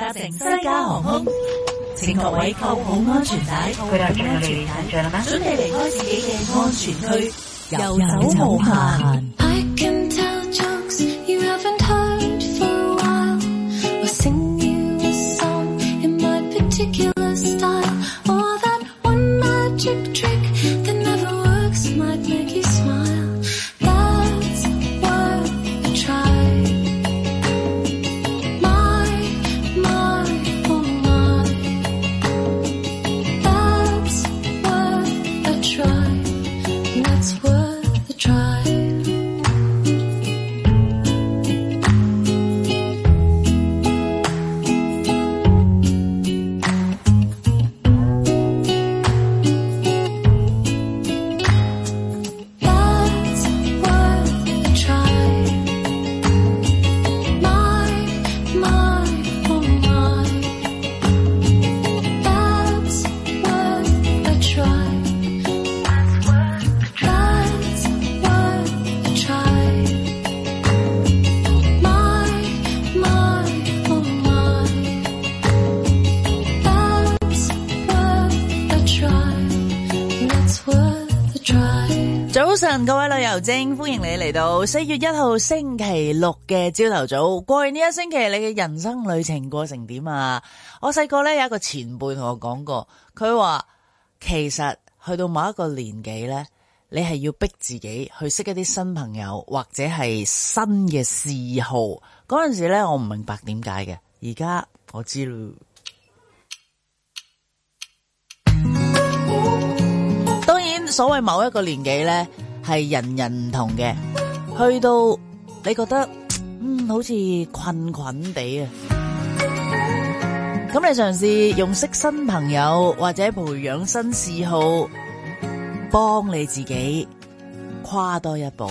搭乘西加航空，請各位扣好安全帶，安全帶準備離開自己嘅安全區，遊走無限。歡迎你嚟到四月一號星期六嘅朝頭早。過完呢一星期，你嘅人生旅程過程點啊？我細個呢，有一個前輩同我講過，佢話其實去到某一個年紀呢，你係要逼自己去識一啲新朋友或者係新嘅嗜好。嗰陣時呢，我唔明白點解嘅，而家我知啦。當然，所謂某一個年紀呢。係人人唔同嘅，去到你覺得嗯好似困困地啊，咁你嘗試用識新朋友或者培養新嗜好，幫你自己跨多一步。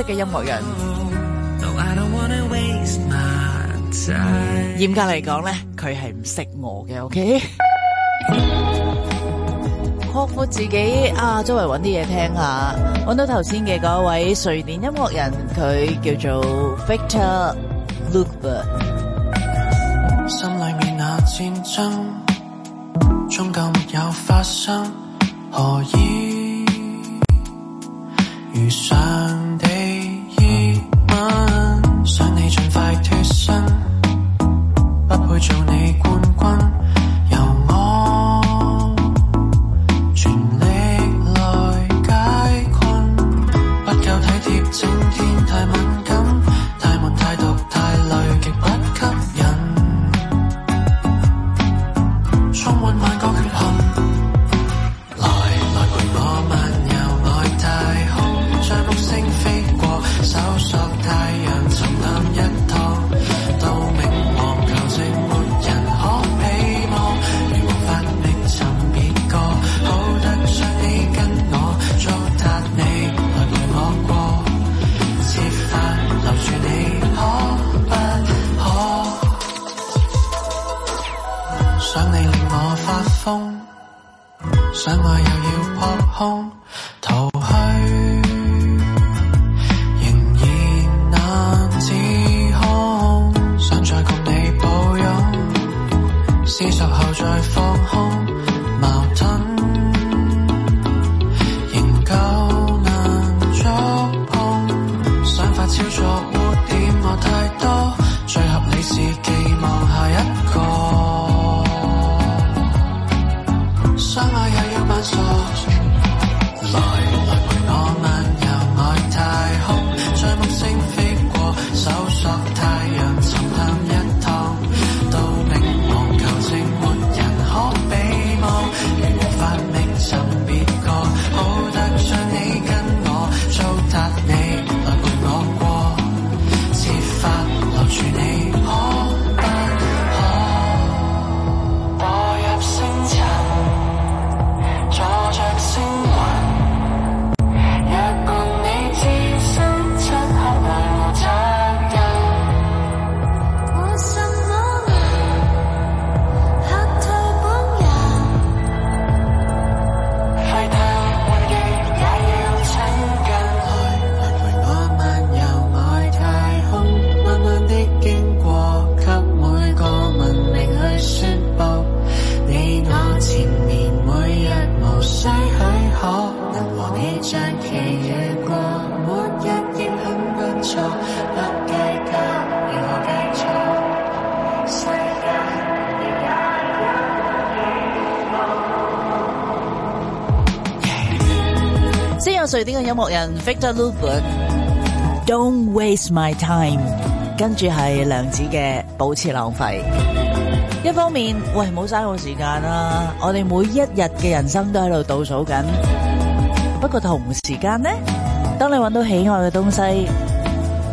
識嘅音樂人 oh, oh, 嚴格嚟講咧，佢係唔識我嘅，OK？擴闊 自己啊，周圍揾啲嘢聽下，揾到頭先嘅嗰位瑞典音樂人，佢叫做 Victor。呢個音樂人 Victor Lubut，Don't waste my time。跟住係梁子嘅保持浪費。一方面，喂，唔好嘥我時間啦。我哋每一日嘅人生都喺度倒數緊。不過同時間呢，當你揾到喜愛嘅東西，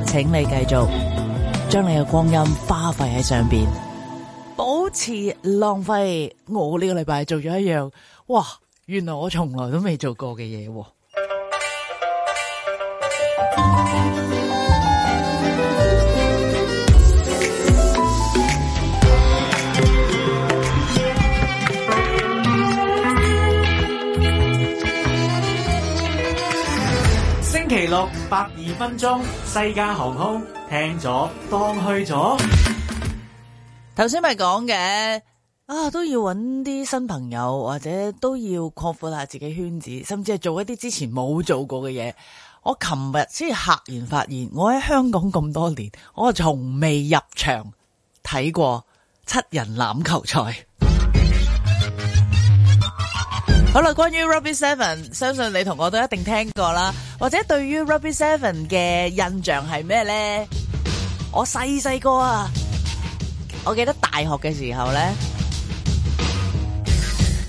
請你繼續將你嘅光陰花費喺上邊。保持浪費。我呢個禮拜做咗一樣，哇！原來我從來都未做過嘅嘢。星期六百二分鐘，世界航空聽咗當去咗。頭先咪講嘅啊，都要搵啲新朋友，或者都要擴闊下自己圈子，甚至係做一啲之前冇做過嘅嘢。我琴日先突然發現，我喺香港咁多年，我從未入場睇過七人欖球賽。好啦，關於《Rugby Sevens》，相信你同我都一定聽過啦。或者對於《Rugby Sevens》嘅印象係咩呢？我細細個啊，我記得大學嘅時候呢。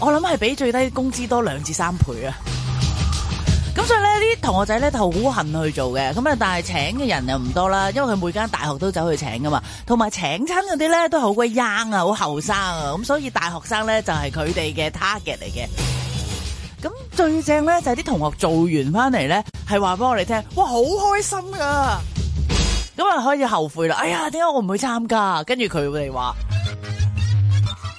我諗係比最低工資多兩至三倍啊！咁所以咧，啲同學仔咧就好恨去做嘅。咁啊，但係請嘅人又唔多啦，因為佢每間大學都走去請噶嘛。同埋請親嗰啲咧都好鬼 young 啊，好後生啊。咁所以大學生咧就係、是、佢哋嘅 target 嚟嘅。咁最正咧就係、是、啲同學做完翻嚟咧，係話俾我哋聽，哇，好開心噶！咁啊開始後悔啦，哎呀，點解我唔會參加？跟住佢哋話。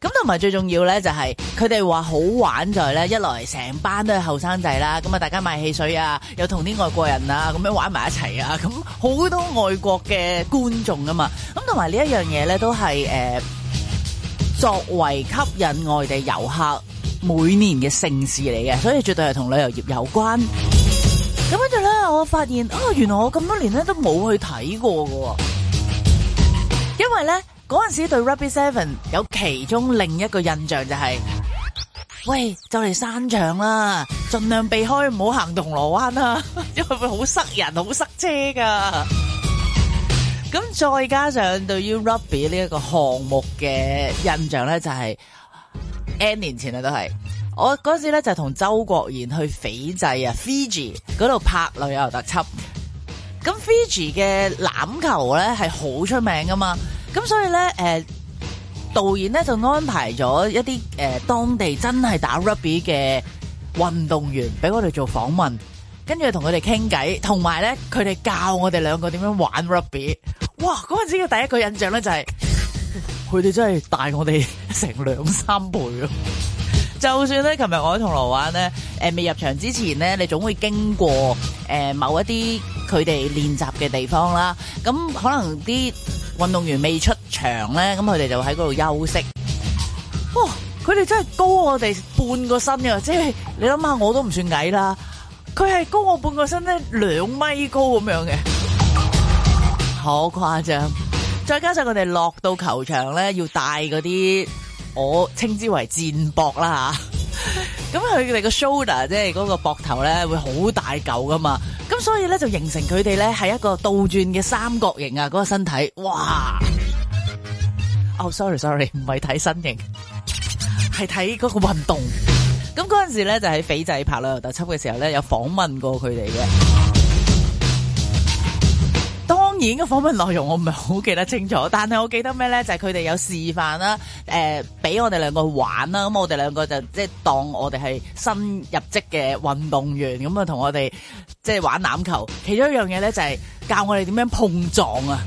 咁同埋最重要咧，就係佢哋話好玩在咧，一來成班都係後生仔啦，咁啊大家買汽水啊，又同啲外國人啊咁樣玩埋一齊啊，咁好多外國嘅觀眾啊嘛，咁同埋呢一樣嘢咧，都係誒作為吸引外地遊客每年嘅盛事嚟嘅，所以絕對係同旅遊業有關。咁跟住咧，我發現啊，哦，原來我咁多年咧都冇去睇過噶，因為咧。嗰陣時對 Rugby Seven 有其中另一個印象就係、是，喂，就嚟山場啦，盡量避開唔好行銅鑼灣啦，因為會好塞人、好塞車噶。咁再加上對於 Rugby 呢一個項目嘅印象咧、就是，就係 N 年前啊都係，我嗰陣時咧就同周國賢去斐濟啊，Fiji 嗰度拍旅遊特輯。咁 Fiji 嘅欖球咧係好出名噶嘛。咁所以咧，誒、呃、導演咧就安排咗一啲誒、呃、當地真係打 rugby 嘅運動員俾我哋做訪問，跟住同佢哋傾偈，同埋咧佢哋教我哋兩個點樣玩 rugby。哇！嗰陣時嘅第一個印象咧就係佢哋真係大我哋成兩三倍咯。 就算咧，琴日我喺銅鑼灣咧、呃，未入場之前咧，你總會經過誒、呃、某一啲佢哋練習嘅地方啦。咁可能啲運動員未出場咧，咁佢哋就喺嗰度休息。哇、哦，佢哋真係高我哋半個身呀，即係你諗下，我都唔算矮啦。佢係高我半個身咧，兩米高咁樣嘅，好誇張。再加上佢哋落到球場咧，要帶嗰啲我稱之為戰博啦吓。 咁佢哋個 shoulder 即係嗰個膊頭咧會好大嚿噶嘛，咁所以咧就形成佢哋咧係一個倒轉嘅三角形啊，嗰個身體，哇！哦，sorry，sorry，唔係睇身形，係睇嗰個運動。咁嗰陣時咧就喺肥仔拍旅遊特輯嘅時候咧有訪問過佢哋嘅。已經嘅訪問內容我唔係好記得清楚，但係我記得咩咧？就係佢哋有示範啦，誒、呃，俾我哋兩個玩啦，咁、嗯、我哋兩個就即係當我哋係新入職嘅運動員，咁啊同我哋即係玩欖球。其中一樣嘢咧就係、是、教我哋點樣碰撞啊！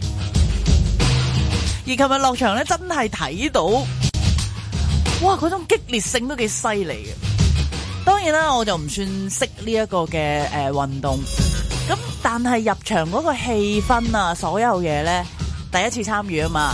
而琴日落場咧真係睇到，哇，嗰種激烈性都幾犀利嘅。當然啦，我就唔算識呢一個嘅誒運動。咁但係入場嗰個氣氛啊,所有嘢咧第一次參與啊嘛，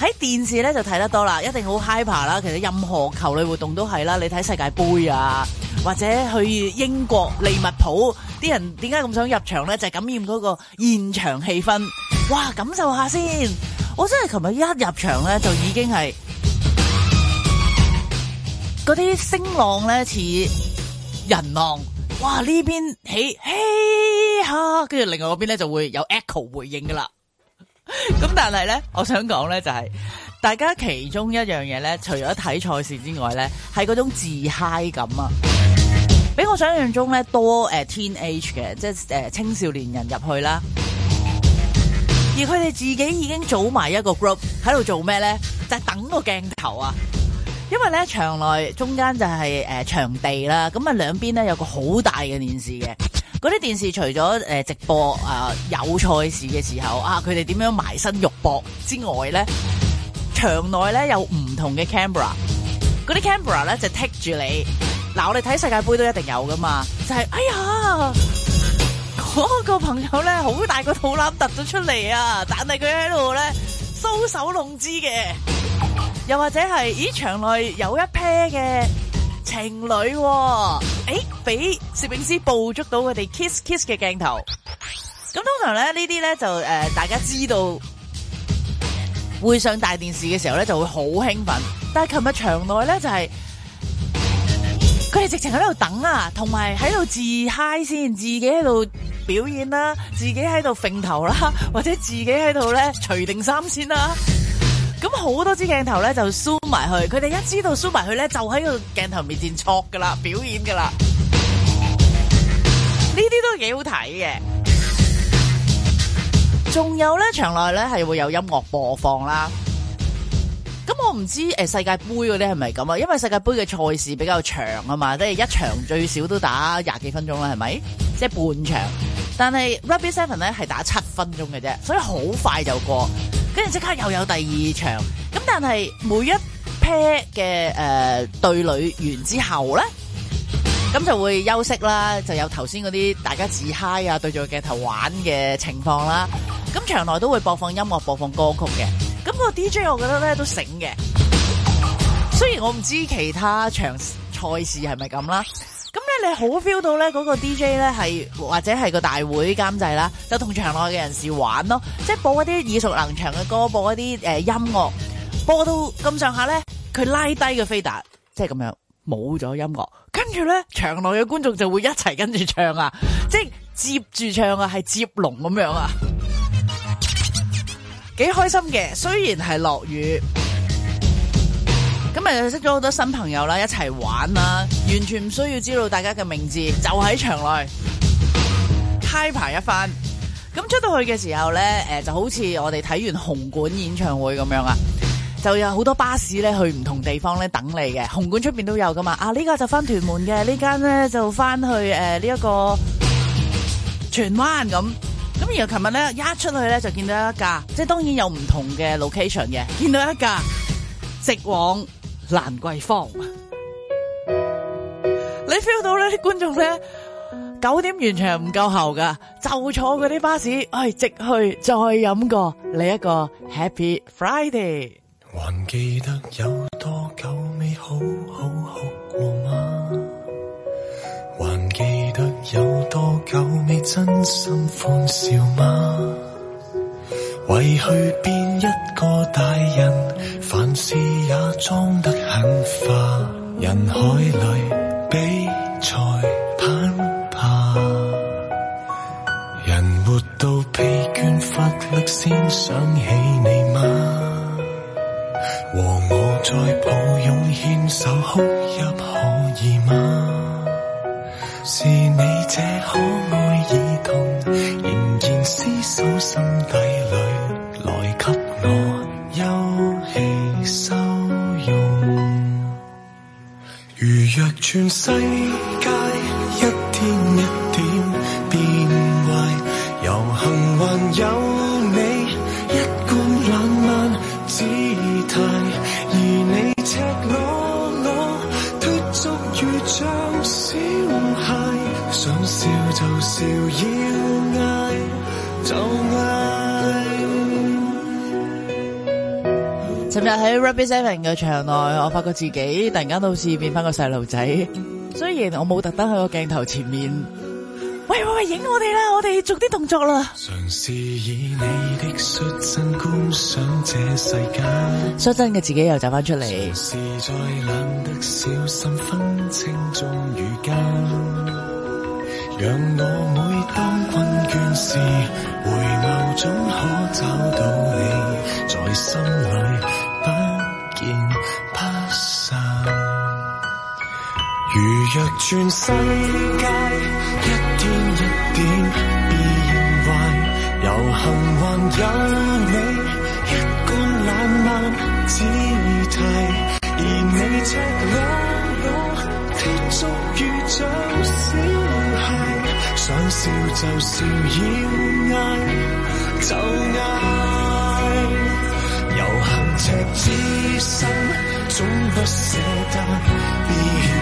喺電視咧就睇得多啦，一定好 hyper 啦。其實任何球類活動都係啦，你睇世界盃啊，或者去英國利物浦，啲人點解咁想入場咧？就係感染嗰個現場氣氛，哇！感受下先。我真係琴日一入場咧就已經係嗰啲聲浪咧似人浪。哇！呢邊起嘿，跟住另外嗰邊咧就會有 echo 回應噶啦。咁 但係咧，我想講咧就係、是，大家其中一樣嘢咧，除咗睇賽事之外咧，係嗰種自嗨感啊，比我想象中咧多誒、呃、teenage 嘅，即係誒、呃、青少年人入去啦。而佢哋自己已經組埋一個 group 喺度做咩咧？就係、是、等個鏡頭啊！因為咧場內中間就係誒場地啦，咁啊兩邊咧有個好大嘅電視嘅，嗰啲電視除咗誒直播啊、呃、有賽事嘅時候啊，佢哋點樣埋身肉搏之外咧，場內咧有唔同嘅 camera，嗰啲 camera 咧就剔住你。嗱，我哋睇世界杯都一定有噶嘛，就係、是、哎呀，嗰、那個朋友咧好大個肚腩凸咗出嚟啊，但係佢喺度咧。搔首弄姿嘅，又或者係咦場內有一 pair 嘅情侶，哦，誒俾攝影師捕捉到佢哋 kiss kiss 嘅鏡頭。咁通常咧呢啲咧就誒、呃、大家知道會上大電視嘅時候咧就會好興奮，但係琴日場內咧就係佢哋直情喺度等啊，同埋喺度自嗨先，自己喺度。表演啦，自己喺度揈頭啦，或者自己喺度咧除定衫先啦。咁好多支鏡頭咧就 show 埋去，佢哋一知道 show 埋去咧，就喺個鏡頭面度戳噶啦，表演噶啦。這些挺的呢啲都幾好睇嘅。仲有咧場內咧係會有音樂播放啦。咁我唔知誒世界杯嗰啲係咪咁啊，因為世界杯嘅賽事比較長啊嘛，即係一場最少都打廿幾分鐘啦，係咪？即係半場。但係 Rugby Seven 呢係打七分鐘嘅啫，所以好快就過，跟住即刻又有第二場。咁但係每一 pair 嘅誒對壘完之後咧，咁就會休息啦，就有頭先嗰啲大家自嗨啊、對住鏡頭玩嘅情況啦。咁場內都會播放音樂、播放歌曲嘅。咁個 DJ 我覺得咧都醒嘅，雖然我唔知其他場賽事係咪咁啦，咁咧你好 feel 到咧嗰個 DJ 咧係或者係個大會監製啦，就同場內嘅人士玩咯，即係播一啲耳熟能詳嘅歌，播一啲誒、呃、音樂，播到咁上下咧，佢拉低個 fader，即係咁樣冇咗音樂，跟住咧場內嘅觀眾就會一齊跟住唱啊，即係接住唱啊，係接龍咁樣啊。幾開心嘅，雖然係落雨，咁啊識咗好多新朋友啦，一齊玩啦，完全唔需要知道大家嘅名字，就喺場內 high 排一番。咁出到去嘅時候咧，誒就好似我哋睇完紅館演唱會咁樣啊，就有好多巴士咧去唔同地方咧等你嘅。紅館出邊都有噶嘛？啊呢個就翻屯門嘅，呢間咧就翻去誒呢一個荃灣咁。咁然後琴日咧一出去咧就見到一架，即係當然有唔同嘅 location 嘅，見到一架直往蘭桂坊。 你 feel 到呢啲觀眾咧九點完場唔夠喉噶，就坐嗰啲巴士，哎，直去再飲個另一個 Happy Friday。還記得有多久未好好哭過嗎？有多久未真心歡笑嗎？為去變一個大人，凡事也裝得很化。人海裏比賽攀爬，人活到疲倦乏力，先想起你嗎？和我再抱擁牽手哭泣可以嗎？是你這可愛兒童，仍然厮守心底裏，來給我休憩收容。如若全世界。今日喺《Rap 之神》嘅場內，我發覺自己突然間好似變翻個細路仔。雖然我冇特登去個鏡頭前面，喂喂喂，影我哋啦！我哋做啲動作啦。嘗試以你的率真觀賞這世界，率真嘅自己又走翻出嚟。嘗試在冷得小心分清忠與奸，讓我每當困倦時回眸總可找到你，在心裡。若全世界一天一點變壞，猶幸還有你，一貫冷漠姿態，而你赤裸裸脫俗如小孩想笑就笑，要嗌就嗌。猶幸赤子心總不捨得。變.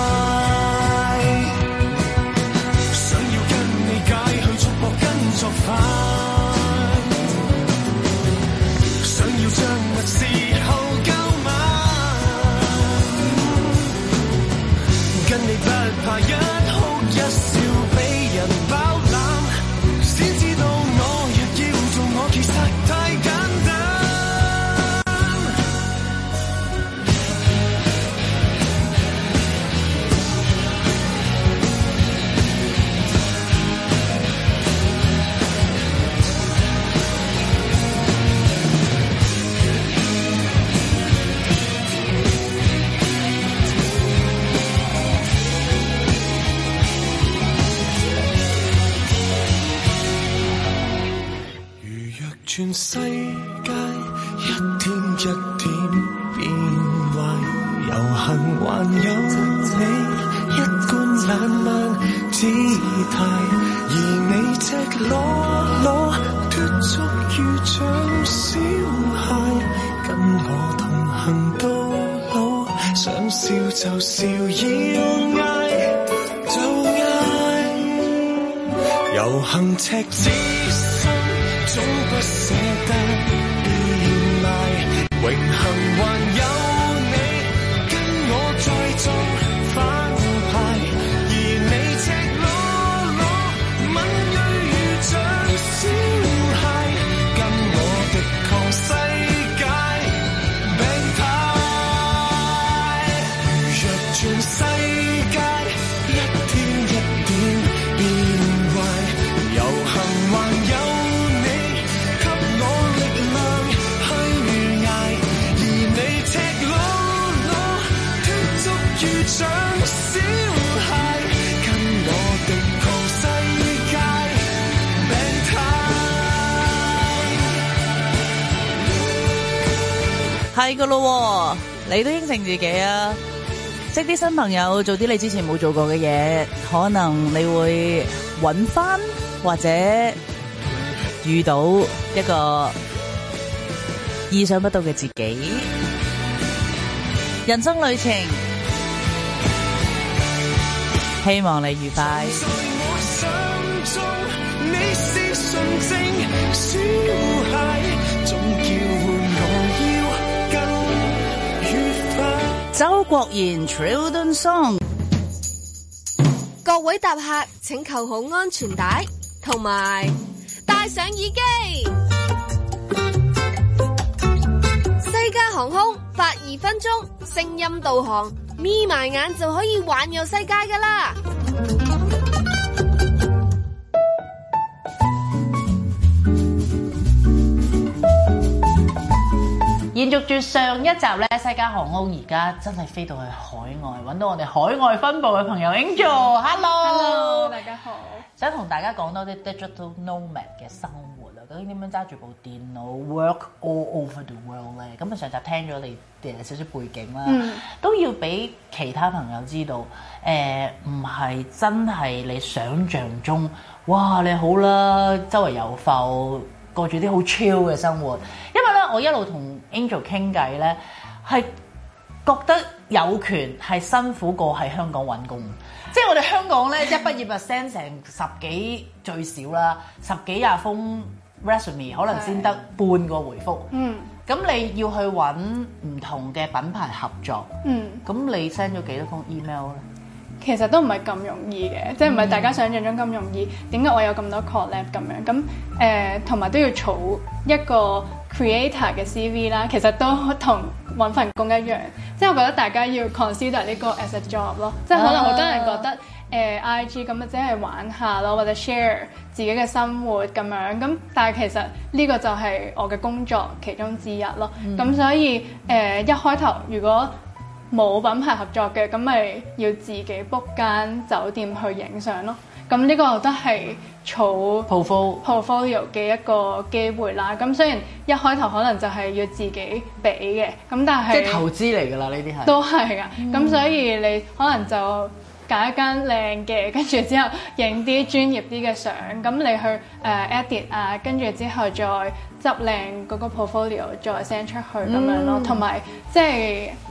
世界一天一天變壞，遊行還有你一貫冷漫姿態，而你赤裸裸脫俗如長小孩，跟我同行到老，想笑就笑，要嗌就嗌，遊行赤，赤。你都應承自己啊，識啲新朋友，做啲你之前冇做過嘅嘢，可能你會揾返或者遇到一個意想不到嘅自己。人生旅程，希望你愉快。周國賢《Children's o n g 各位搭客，請扣好安全帶，同埋戴上耳機。西加 航空發二分鐘聲音導航，眯埋眼就可以環遊世界噶啦！延續住上一集咧，西加航空而家真係飛到去海外，揾到我哋海外分部嘅朋友 Angel，Hello，Hello，大家好，想同大家講多啲 digital nomad 嘅生活啊，究竟點樣揸住部電腦 work all over the world 咧？咁上集聽咗你誒少少背景啦，嗯、都要俾其他朋友知道，誒唔係真係你想象中，哇你好啦，周圍有浮。過住啲好 chill 嘅生活，因為咧，我一路同 Angel 傾偈咧，係覺得有權係辛苦過喺香港揾工，即係我哋香港咧一畢業就 send 成十幾最少啦，十幾廿封 resume 可能先得半個回覆。係嘅，嗯，咁你要去揾唔同嘅品牌合作，嗯那了，咁你 send 咗幾多封 email 咧？其實都唔係咁容易嘅，即係唔係大家想像中咁容易。點解、mm hmm. 我有咁多 collab 咁樣？咁呃、同埋都要儲一個 creator 嘅 CV 啦。其實都同揾份工一樣。即係我覺得大家要 consider 呢個 as a job 咯。即係可能好多人覺得、oh. 呃、IG 咁咪即係玩下咯，或者 share 自己嘅生活咁樣。咁但係其實呢個就係我嘅工作其中之一咯。咁、mm hmm. 所以、呃、一開頭如果冇品牌合作嘅，咁咪要自己 book 間酒店去影相咯。咁呢個都係儲 portfolio 嘅一個機會啦。咁雖然一開頭可能就係要自己俾嘅，咁但係即係投資嚟㗎啦，呢啲係都係㗎。咁、mm hmm. 所以你可能就揀一間靚嘅，跟住之後影啲專業啲嘅相，咁你去、uh, edit 啊，跟住之後再執靚嗰個 portfolio 再 send 出去咁樣咯。同埋即係。Hmm.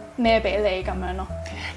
咩俾你咁樣咯？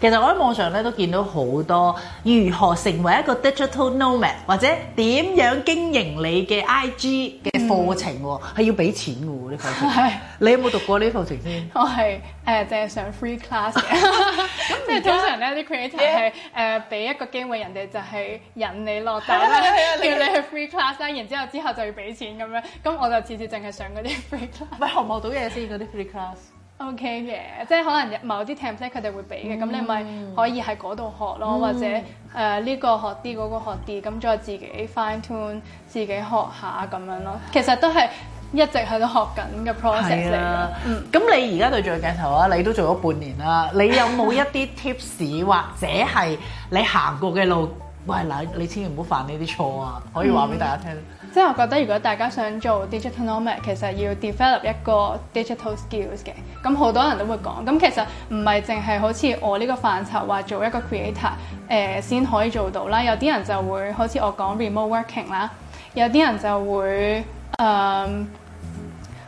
其實我喺網上咧都見到好多如何成為一個 digital nomad，或者點樣經營你嘅 IG 嘅課程喎，係要俾錢嘅喎啲課程。係你有冇讀過呢啲課程先？我係誒淨係上 free class 嘅，咁即係通常咧啲 creator 係誒俾一個機會人哋就係引你落嚟啦，叫你去 free class 啦，然之後之後就要俾錢咁樣。咁我就次次淨係上嗰啲 free class，唔係學唔學到嘢先嗰啲 free class。OK，yeah 即係可能某啲 template，佢哋會俾嘅，咁、嗯、你咪可以喺嗰度學咯，嗯、或者誒呢個學啲，嗰、嗰個學啲，咁、那個、再自己 fine tune，自己學下咁樣咯。其實都係一直喺度學緊嘅 process 嚟嘅。咁、啊、你而家對住鏡頭啊，你都做咗半年啦，你有冇一啲 tips 或者係你行過嘅路，喂嗱，你千祈唔好犯呢啲錯啊，可以話俾大家聽。嗯即係我覺得，如果大家想做 digital nomad，其實要 develop 一個 digital skills 嘅。咁好多人都會講，咁其實唔係淨係好似我呢個範疇話做一個 creator，誒先可以做到啦。有啲人就會好似我講 remote working 啦，有啲人就會誒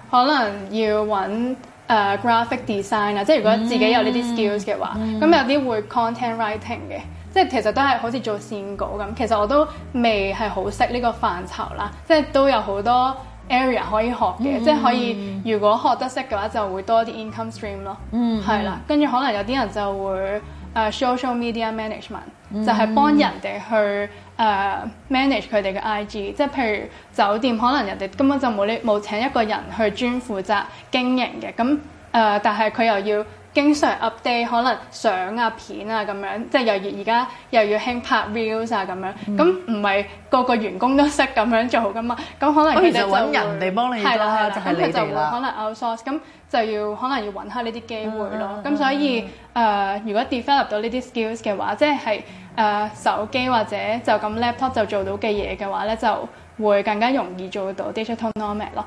可能要揾誒 graphic design 啊，即係如果自己有呢啲 skills 嘅話，咁有啲會 content writing 嘅。即係其實都係好似做線稿咁，其實我都未係好識呢個範疇啦。即係都有好多 area 可以學嘅，mm hmm. 即係可以如果學得識嘅話，就會多啲 income stream 咯。係、mm hmm. 啦，跟住可能有啲人就會、呃、social media management、mm hmm. 就係幫人哋去、呃、manage 佢哋嘅 IG。即係譬如酒店可能人哋根本就冇啲冇請一個人去專負責經營嘅，咁、呃、但係佢又要。經常 update 可能相啊片啊咁、啊、樣，即係又而而家又要興拍 reels 啊咁樣，咁唔係個個員工都識咁樣做噶嘛，咁可能其實就揾人哋幫你做啊，就係你哋可能 outsource 咁就要可能要搵下呢啲機會咯。咁、嗯嗯、所以誒、嗯呃，如果 develop 到呢啲 skills 嘅話，即係誒手機或者就咁 laptop 就做到嘅嘢嘅話咧，就會更加容易做到 digital nomad 咯。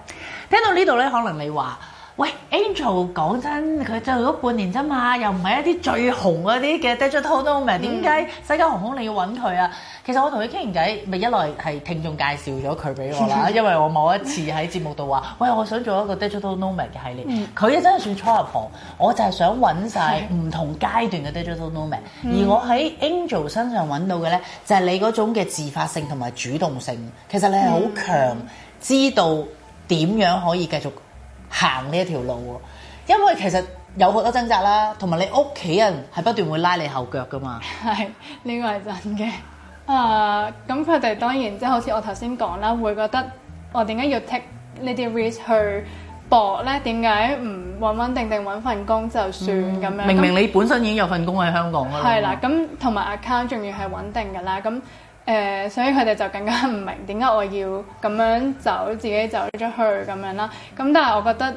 聽到呢度咧，可能你話。喂，Angel 講真，佢去咗半年咋嘛，又唔係一啲最紅嗰啲嘅 digital nomad，點解、嗯、西加航空你要揾佢啊？其實我同佢傾完偈，咪一來係聽眾介紹咗佢俾我啦， 因為我某一次喺節目度話，喂，我想做一個 digital nomad 嘅系列，佢、嗯、真係算初入行，我就係想揾晒唔同階段嘅 digital nomad，嗯、而我喺 Angel 身上揾到嘅咧，就係、是、你嗰種嘅自發性同埋主動性，其實你係好強，嗯、知道點樣可以繼續。行呢一條路喎，因為其實有好多掙扎啦，同埋你屋企人係不斷會拉你後腳噶嘛。係，呢個係真嘅。誒，咁佢哋當然即係好似我頭先講啦，會覺得我點解要 take 呢啲 risk 去搏咧？點解唔穩穩定定揾份工就算咁樣？明明你本身已經有份工喺香港啦。係啦，咁同埋 account 仲要係穩定㗎啦，咁。誒，所以佢哋就更加唔明點解我要咁樣走，自己走出去咁樣啦。咁但係我覺得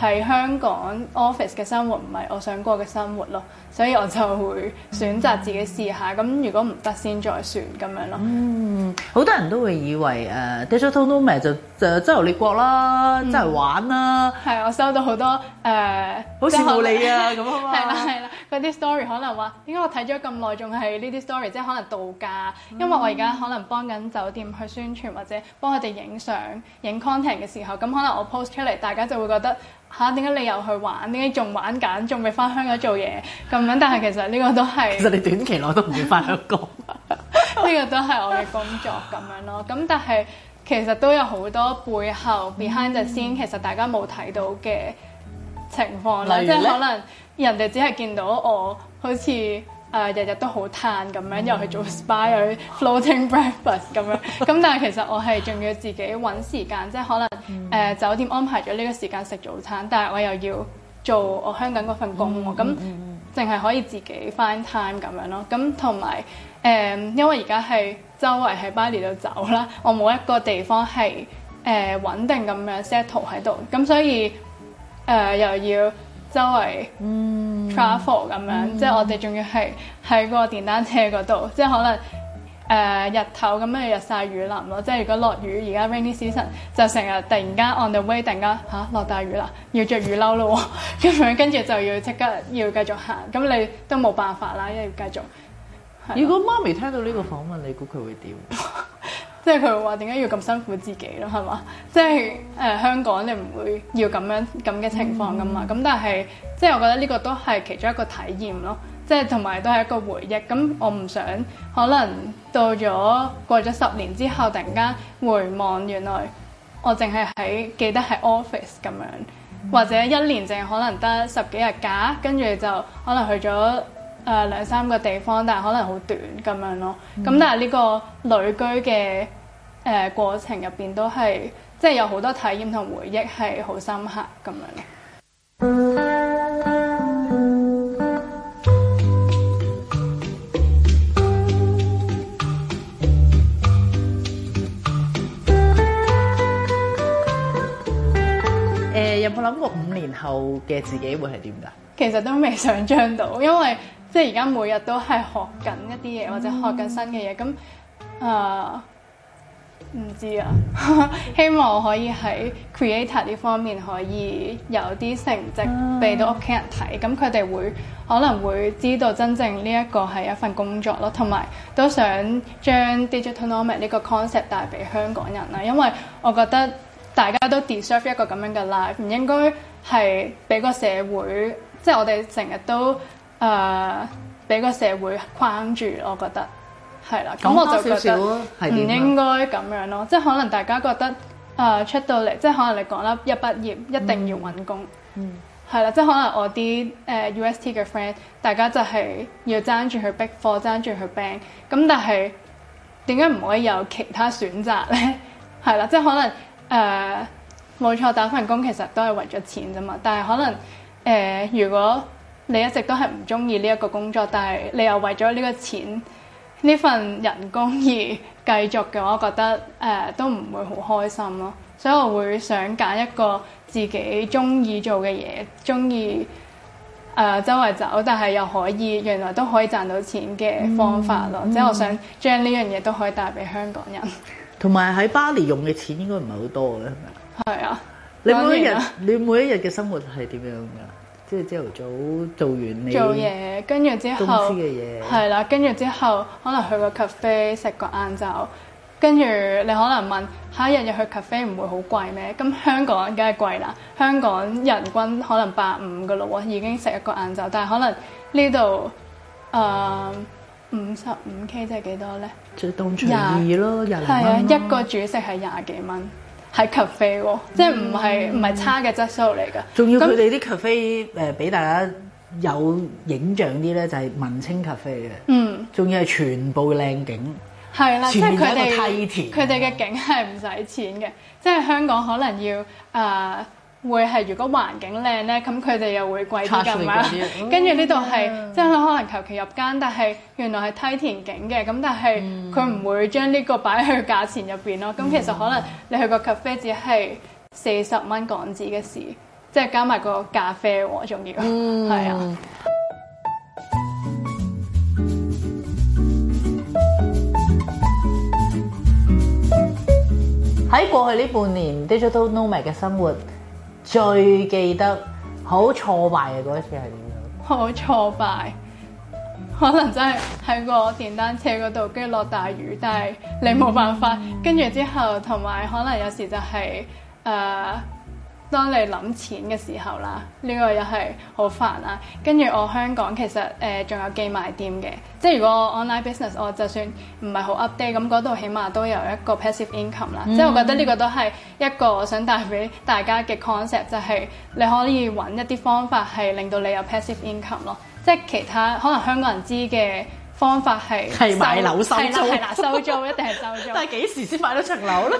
喺香港 office 嘅生活唔係我想過嘅生活囉。所以我就會選擇自己試下，咁、嗯、如果唔得先再算咁樣咯。嗯，好多人都會以為誒，Digital Nomad 就就周遊列國啦，即係、嗯、玩啦、啊。係，我收到好多誒，好羨慕你啊！咁啊係啦係啦，嗰啲 story 可能話，點解我睇咗咁耐，仲係呢啲 story？即係可能度假，因為我而家可能幫緊酒店去宣傳或者幫佢哋影相、影 content 嘅時候，咁可能我 post 出嚟，大家就會覺得吓，點解你又去玩？點解仲玩緊仲未翻香港做嘢？咁、嗯。咁樣，但係其實呢個都係其實你短期內都唔會返香港。呢 個都係我嘅工作咁樣咯。咁但係其實都有好多背後 behind the scenes 其實大家冇睇到嘅情況啦、嗯。即係可能人哋只係見到我好似誒日日都好嘆咁樣，嗯、又去做 spa、嗯、又去 floating breakfast 咁樣。咁、嗯、但係其實我係仲要自己搵時間，嗯、即係可能誒、呃、酒店安排咗呢個時間食早餐，但係我又要做我香港嗰份工喎、嗯。咁、嗯嗯嗯淨係可以自己 find time 咁樣咯，咁同埋誒，因為而家係周圍喺巴黎度走啦，我冇一個地方係誒、呃、穩定咁樣 settle 喺度，咁所以誒、呃、又要周圍 travel 咁樣，嗯、即係我哋仲要係喺個電單車嗰度，即係可能。誒、呃、日頭咁樣日曬雨淋咯，即係如果落雨，而家 rainy season 就成日突然間 on the way，突然間吓落大雨啦，要着雨褸咯，咁樣跟住就要即刻要繼續行，咁你都冇辦法啦，因為要繼續。如果媽咪聽到呢個訪問，你估佢會點？ 即係佢會話點解要咁辛苦自己咯？係嘛？即係、呃、香港你唔會要咁樣咁嘅情況噶嘛？咁、嗯、但係即係我覺得呢個都係其中一個體驗咯。即係同埋都係一個回憶，咁我唔想可能到咗過咗十年之後，突然間回望原來我淨係喺記得係 office 咁樣，mm hmm. 或者一年淨係可能得十幾日假，跟住就可能去咗誒、呃、兩三個地方，但係可能好短咁樣咯。咁、mm hmm. 但係呢個旅居嘅誒、呃、過程入邊都係即係有好多體驗同回憶係好深刻咁樣。Uh huh. 有冇諗過五年後嘅自己會係點㗎？其實都未想象到，因為即係而家每日都係學緊一啲嘢，或者學緊新嘅嘢，咁、嗯呃、啊唔知啊。希望可以喺 creator 呢方面可以有啲成績俾到屋企人睇，咁佢哋會可能會知道真正呢一個係一份工作咯，同埋都想將 digital nomad 呢個 concept 帶俾香港人啦，因為我覺得。大家都 deserve 一個咁樣嘅 life，唔應該係俾個社會，即係我哋成日都誒俾、呃、個社會框住，我覺得係啦。咁這樣 我就覺得唔應該咁樣咯，樣即係可能大家覺得誒、呃、出到嚟，即係可能你講啦，一畢業一定要搵工，係啦、嗯嗯，即係可能我啲、呃、UST 嘅 friend，大家就係要爭住去 Big Four，爭住去 bank，咁但係點解唔可以有其他選擇咧？係啦，即係可能。誒冇、呃、錯，打份工其實都係為咗錢啫嘛。但係可能誒、呃，如果你一直都係唔中意呢一個工作，但係你又為咗呢個錢呢份、這個、人工而繼續嘅話，我覺得誒、呃、都唔會好開心咯。所以我會想揀一個自己中意做嘅嘢，中意誒周圍走，但係又可以原來都可以賺到錢嘅方法咯。嗯嗯、即係我想將呢樣嘢都可以帶俾香港人。同埋喺巴黎用嘅錢應該唔係好多嘅，係咪？係啊，你每一日、啊、你每一日嘅生活係點樣㗎？即係朝頭早做完你做嘢，跟住之後嘅嘢係啦，跟住之後可能去個吃個 cafe 食個晏晝，跟住你可能問：下一日要去 cafe 唔會好貴咩？咁香港梗係貴啦，香港人均可能百五嘅咯喎，已經食一個晏晝，但係可能呢度誒。呃五十五 K 即係幾多咧？就當隨意咯，廿零蚊，係啊，一個主食係廿幾蚊，係 cafe 喎、哦，嗯、即係唔係唔係差嘅質素嚟㗎。仲、嗯、要佢哋啲 cafe 誒俾大家有影像啲咧，就係文青 cafe 嘅。嗯。仲要係全部靚景。係啦、啊，即係佢哋。佢哋嘅景係唔使錢嘅，即係香港可能要誒。呃會係如果環境靚咧，咁佢哋又會貴啲㗎嘛。跟住呢度係，Yeah. 即係可能求其入間，但係原來係梯田景嘅，咁但係佢唔會將呢個擺去價錢入面咯。咁、mm. 其實可能你去個咖啡只係四十蚊港紙嘅事，即係加埋個咖啡喎，仲要係啊。喺過去呢半年 ，Digital Nomad 嘅生活。最記得好挫敗嘅嗰一次係點樣？好挫敗，可能真係喺個電單車嗰度跟住落大雨，但係你冇辦法。跟住之後，同埋可能有時就係、是、誒。呃當你諗錢嘅時候啦，呢、這個又係好煩啦。跟住我香港其實誒仲、呃、有寄賣店嘅，即如果我 online business 我就算唔係好 update，咁嗰度起碼都有一個 passive income 啦。嗯、即我覺得呢個都係一個我想帶俾大家嘅 concept，就係、是、你可以揾一啲方法係令到你有 passive income 咯。即其他可能香港人知嘅。方法係係買樓收租係啦，收租一定係收租。 但係幾時先買到層樓咧？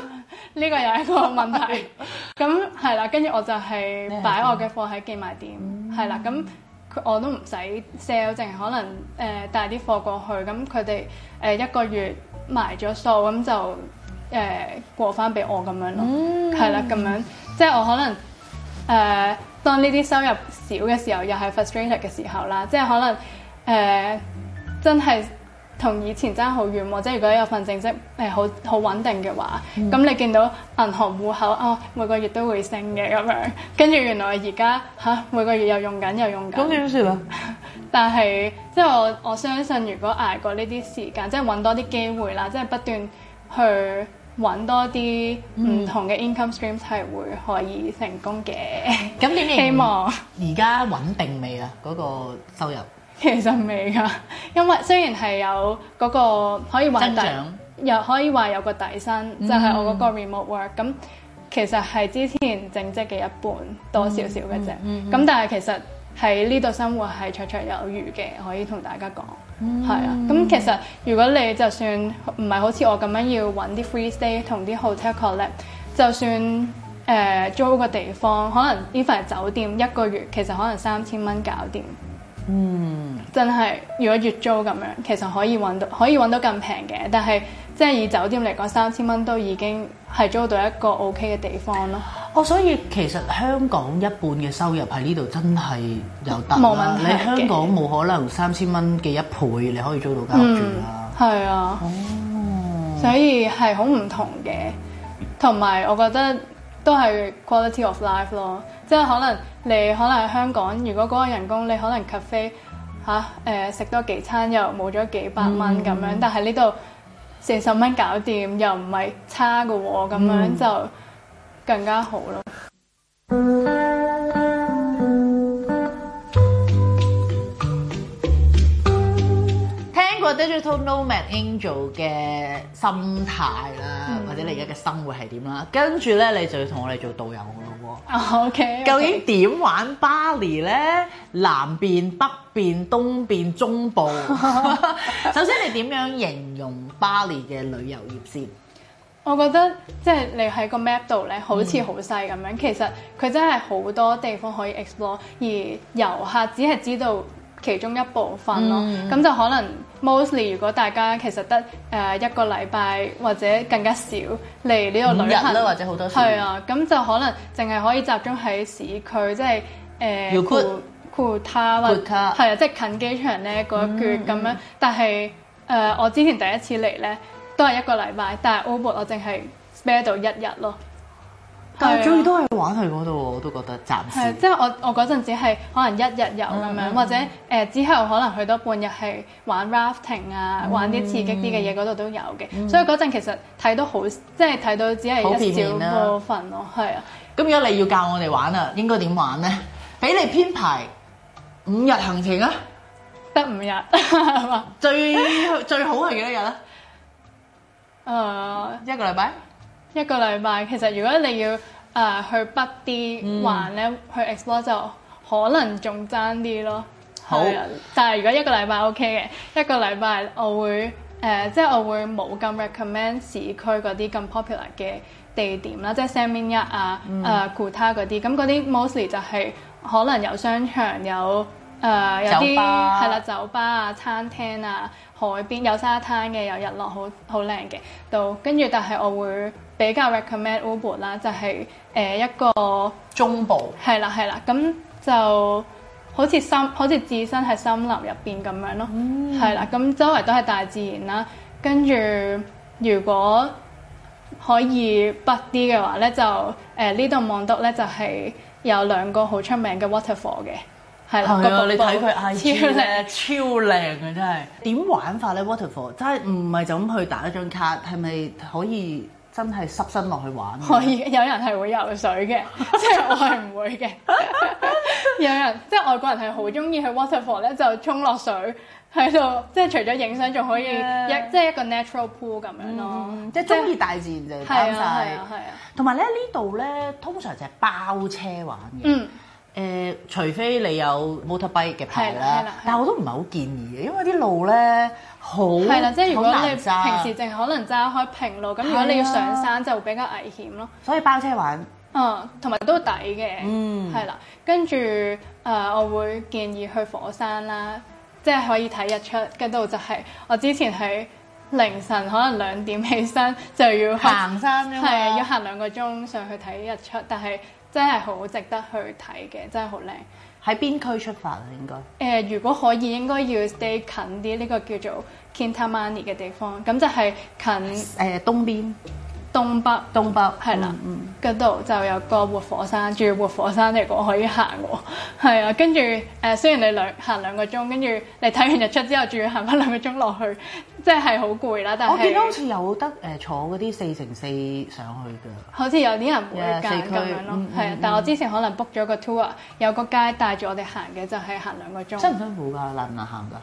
呢 個又係一個問題。咁係啦，跟住我就係擺我嘅貨喺寄賣店，係啦。咁佢、嗯嗯、我都唔使 sell，淨係可能誒帶啲貨過去。咁佢哋誒一個月埋咗數，咁就誒、呃、過翻俾我咁樣咯。係啦、嗯，咁樣即係我可能誒、呃，當呢啲收入少嘅時候，又係 frustrated 嘅時候啦。即係可能誒。呃真係同以前爭好遠喎！即係如果有份正職誒好好穩定嘅話，咁、嗯、你見到銀行戶口、哦、每個月都會升嘅咁樣，跟住原來而家、啊、每個月又用緊又用緊，咁點算啊？但係即係我我相信，如果捱過呢啲時間，即係揾多啲機會啦，即係不斷去揾多啲唔同嘅 income stream 係會可以成功嘅。咁點、嗯、希望而家穩定未啊？嗰、嗰個收入。其實未㗎，因為雖然係有嗰個可以揾底，長又可以話有個底薪，嗯、就係我嗰個 remote work、嗯。咁其實係之前正職嘅一半多少少嘅啫。咁、嗯嗯嗯、但係其實喺呢度生活係綽綽有餘嘅，可以同大家講，係啊。咁其實如果你就算唔係好似我咁樣要揾啲 free stay 同啲 hotel collab，就算誒、呃、租個地方，可能 even 係酒店一個月，其實可能三千蚊搞掂。嗯，真係如果月租咁樣，其實可以揾到可以揾到咁平嘅，但係即係以酒店嚟講，三千蚊都已經係租到一個 OK 嘅地方咯。哦，所以其實香港一半嘅收入喺呢度真係有得冇問題。你香港冇可能三千蚊嘅一倍你可以租到間屋住啦。係、嗯、啊，哦，所以係好唔同嘅，同埋我覺得都係 quality of life 咯。即係可能你可能喺香港，如果嗰個人工你可能 cafe 啊、呃、食多幾餐又冇咗幾百蚊咁、嗯、樣，但係呢度四十蚊搞掂，又唔係差嘅喎，咁樣就更加好咯。嗯嗯。Digital Nomad Angel 嘅心態啦，嗯、或者你而家嘅生活係點啦？跟住咧，你就要同我哋做導遊咯 OK。Okay, okay。究竟點玩巴黎咧？南邊、北邊、東邊、中部。 首先，你點樣形容巴黎嘅旅遊業先？我覺得即係、就是、你喺個 map 度咧，好似好細咁樣。其實佢真係好多地方可以 explore，而遊客只係知道其中一部分咯。咁、嗯、就可能。Mostly, 如果大家其實得誒一個禮拜或者更加少嚟呢度旅行，啦或者好多時，係啊，咁就可能淨係可以集中喺市區，即係誒，Kuta，係啊，即係、就是、近機場咧嗰一橛咁、嗯、樣。但係誒、呃，我之前第一次嚟咧都係一個禮拜，但係 Ubud 我淨係 spare 到一日咯。但最多係玩去嗰度，我都覺得暫時。係即係我我嗰陣只係可能一日遊咁樣，嗯、或者誒、呃、之後可能去多半日，係玩 rafting 啊，嗯、玩啲刺激啲嘅嘢，嗰度都有嘅。嗯、所以嗰陣其實睇到好，即係睇到只係一少部分咯。係啊。咁如果你要教我哋玩啊，應該點玩咧？俾你編排五日行程啊，得五日。 最最好係幾多日啊？誒、呃，一個禮拜。一個禮拜其實如果你要去北啲玩咧，去、嗯、去 explore 就可能仲爭啲咯。好，啊、但係如果一個禮拜 OK 嘅，一個禮拜我會、呃、即係我會冇咁 recommend 市區嗰啲咁 popular 嘅地點啦，即係、嗯、Seminyak 啊、誒 Kuta 嗰啲。咁嗰啲 mostly 就係可能有商場有誒、呃、有啲係啦，酒吧啊、餐廳啊、海邊有沙灘嘅，有日落好好靚嘅到跟住但係我會。比較 recommend 烏布啦，就係誒一個中部，係啦係啦，咁就好似森，好似置身喺森林入邊咁樣咯，係啦、嗯，咁周圍都係大自然啦。跟住如果可以北啲嘅話咧，就誒呢度望到咧就係有兩個好出名嘅 waterfall 嘅，係啦，嗰度你睇佢，個瀑布超靚超靚嘅真係。點玩法咧 waterfall？真係唔係就咁去打一張卡？係咪可以？真係濕身落去玩，可以有人係會游水嘅，即係我係唔會嘅。有人即係外國人係好中意去 waterfall 咧，就衝落水喺度，即係除咗影相，仲可以一即係一個 natural pool 咁樣咯，即係中意大自然就啱曬。係啊，係啊。同埋咧，呢度咧通常就係包車玩嘅。嗯。誒，除非你有 motorbike 嘅牌啦，但係我都唔係好建議嘅，因為啲路咧。係啦好，即係如果你平時淨係可能揸開平路，咁如果你要上山就會比較危險咯。所以包車玩，嗯，同埋都抵嘅，嗯，係啦。跟住誒，我會建議去火山啦，即係可以睇日出。嗰度就係我之前喺凌晨、嗯、可能兩點起身就要行山，係要行兩個鐘上去睇日出，但係真係好值得去睇嘅，真係好靚。喺邊區出發啊？應該誒，如果可以，應該要 stay 近啲呢個叫做 Kintamani 嘅地方，咁就係近誒、呃、東邊。東北，東北係啦，嗰度了、嗯嗯、就有個活火山，仲要活火山嚟講可以行喎。係啊，跟住誒，雖然你兩行兩個鐘，跟住你睇完日出之後，仲要行翻兩個鐘落去，即係好攰啦。但係我見到好似有得坐嗰啲四乘四上去嘅，好似有啲人會㗎咁樣咯。係啊、嗯嗯，但係我之前可能 book 咗個 tour，有個 guide 帶住我哋行嘅，就係行兩個鐘。辛唔辛苦㗎？難唔難行啊？行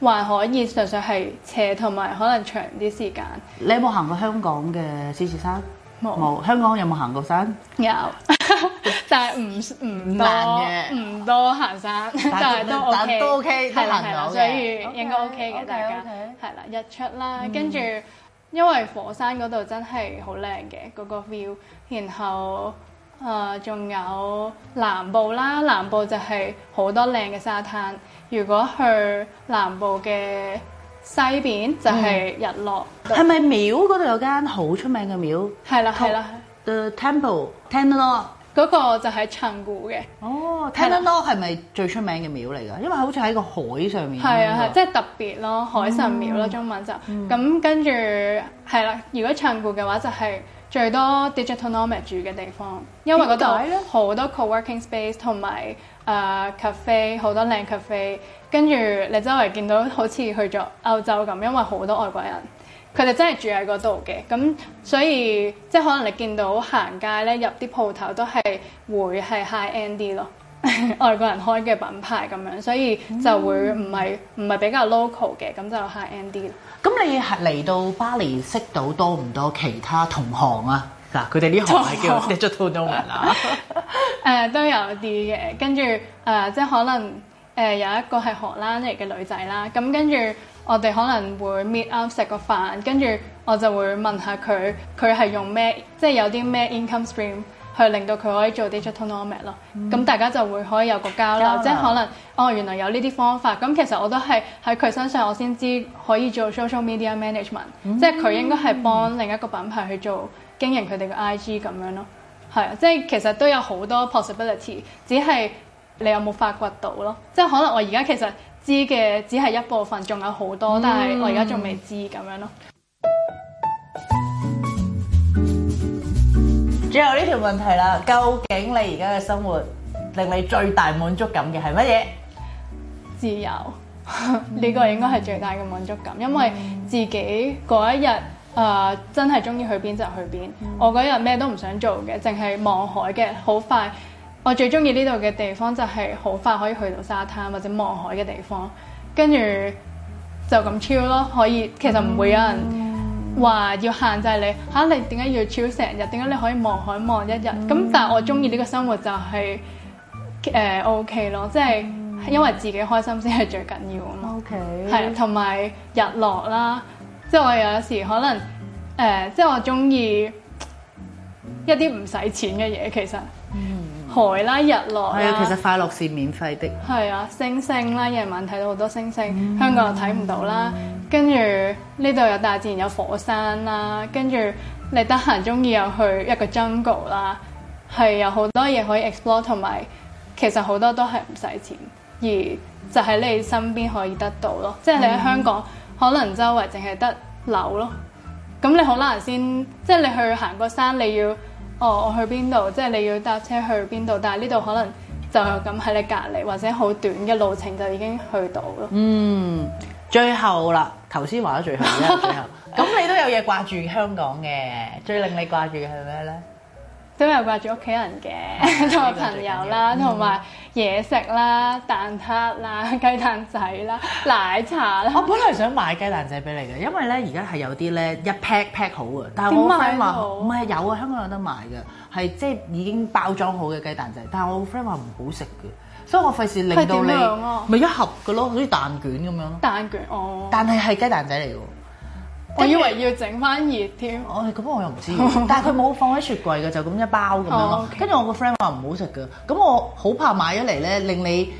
還可以，純粹係斜同埋可能長啲時間。你有冇行過香港嘅獅子山？冇，香港有冇行過山？有，但係唔唔難嘅，唔多行山，但係都 O K。都 O K，係啦係啦，所以應該 O K 嘅大家。係啦，日出啦，跟住因為火山嗰度真係好靚嘅嗰個 view，然後。誒，仲、呃、有南部啦，南部就係好多靚嘅沙灘。如果去南部嘅西邊，就係日落的。係咪、嗯、廟嗰度有間好出名嘅廟？係啦係啦，The Temple Tanah Lot。嗰個就係長故嘅。哦，Tanah Lot 係咪最出名嘅廟嚟㗎？的因為好似喺個海上面。係啊係，即、就、係、是、特別咯，海神廟咯，嗯、中文就。咁、嗯嗯、跟住係啦，如果長故嘅話就係、是。最多 digital nomad 住嘅地方，因為嗰度好多 co-working space 同埋誒咖啡，好多靚咖啡。跟住你周圍見到好似去咗歐洲咁，因為好多外國人，佢哋真係住喺嗰度嘅。咁所以即可能你見到行街咧，入啲鋪頭都係會係 high end 啲咯， 外國人開嘅品牌咁樣，所以就會唔係唔係比較 local 嘅，咁就 high end 啲。咁你係嚟到巴黎識到多唔多其他同行啊？嗱，佢哋呢行係叫做 Digital Domain 啦 呃，都有啲嘅，跟住、呃、即係可、呃、可能有一個係荷蘭嚟嘅女仔啦。咁跟住我哋可能會 meet up 食個飯，跟住我就會問下佢，佢係用咩，即係有啲咩 income stream。去令到佢可以做 digital nomad 咯、嗯，咁大家就會可以有個交流，交流即係可能哦原來有呢啲方法，咁其實我都係喺佢身上我先知可以做 social media management，即係佢應該係幫另一個品牌去做經營佢哋嘅 IG 咁樣咯，係啊，即係其實都有好多 possibility，只係你有冇發掘到咯，即係可能我而家其實知嘅只係一部分，仲有好多，嗯、但係我而家仲未知咁樣咯。又有呢條問題啦，究竟你而家嘅生活令你最大滿足感嘅係乜嘢？自由，呢、這個應該係最大嘅滿足感，因為自己嗰一日誒、呃、真係中意去邊就係去邊。我嗰日咩都唔想做嘅，淨係望海嘅。好快，我最中意呢度嘅地方就係好快可以去到沙灘或者望海嘅地方，跟住就咁 chill 咯。可以，其實唔會有人。話要限制你嚇、啊，你點解要超成日？點解你可以望海望一日？咁、mm. 但係我中意呢個生活就係、是、誒、呃、OK 咯，即係因為自己開心先係最緊要啊嘛。OK，係同埋日落啦，即係我有時可能誒、呃，即係我中意一啲唔使錢嘅嘢。其實、mm. 海啦，日落啊，其實快樂是免費的。係啊，星星啦，夜晚睇到好多星星，mm. 香港又睇唔到啦。Mm. 跟住呢度有大自然有火山啦，跟住你得閒中意又去一個 jungle 啦，係有好多嘢可以 explore，同埋其實好多都係唔使錢，而就喺你身邊可以得到咯。即係你喺香港、嗯、可能周圍淨係得樓咯，咁你好難先即係你去行個山，你要哦我去邊度，即係你要搭車去邊度，但係呢度可能就咁喺你隔離或者好短嘅路程就已經去到咯。嗯。最後啦，頭先話咗最後啦，最後。咁 你都有嘢掛住香港嘅，最令你掛住嘅係咩咧？都 有掛住屋企人嘅，同埋朋友啦，同埋嘢食啦，嗯、蛋撻啦，雞蛋仔啦，奶茶啦。我本來想買雞蛋仔俾你嘅，因為咧而家係有啲咧一 pack pack 好啊。點買好？唔係有啊，香港有得賣嘅，係即係已經包裝好嘅雞蛋仔，但係我 friend 話唔好食嘅。所以我費事令到你，咪、啊、一盒嘅咯，好似蛋卷咁樣咯。蛋卷哦。但係係雞蛋仔嚟嘅，我以為要整翻熱添，我係嗰我又唔知。 但係佢冇放喺雪櫃嘅，就咁一包咁樣咯。跟住、哦 okay、我個 friend 話唔好食嘅，咁我好怕買咗嚟咧令你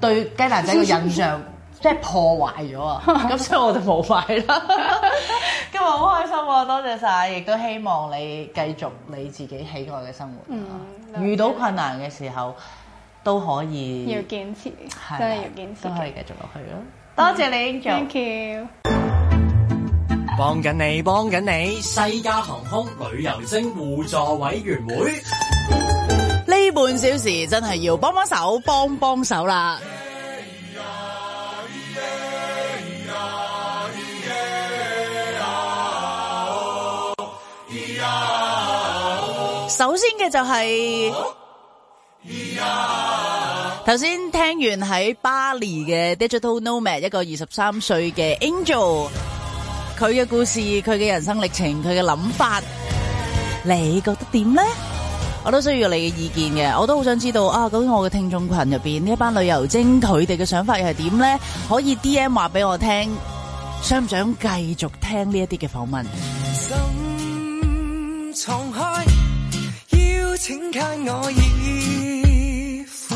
對雞蛋仔嘅印象即係破壞咗啊！咁所以我就冇買啦。今日好開心喎，多謝晒。亦都希望你繼續你自己喜愛嘅生活。嗯、遇到困難嘅時候。都可以，要堅持，真係要堅持，都可以繼續落去咯。多謝你，Thank you。幫緊你，幫緊你，西加航空旅遊星互助委員會。呢半小時真係要幫幫手，幫幫手啦。首先嘅就係。頭先 Yeah. 聽完喺巴黎嘅 Digital Nomad 一個二十三歲嘅 Angel，佢嘅故事、佢嘅人生歷程、佢嘅諗法，你覺得點呢？我都需要你嘅意見嘅，我都好想知道啊！究竟我嘅聽眾群入邊呢一班旅遊精，佢哋嘅想法又係點呢？可以 DM 話俾我聽，想唔想繼續聽呢一啲嘅訪問？心重開，邀請開我意。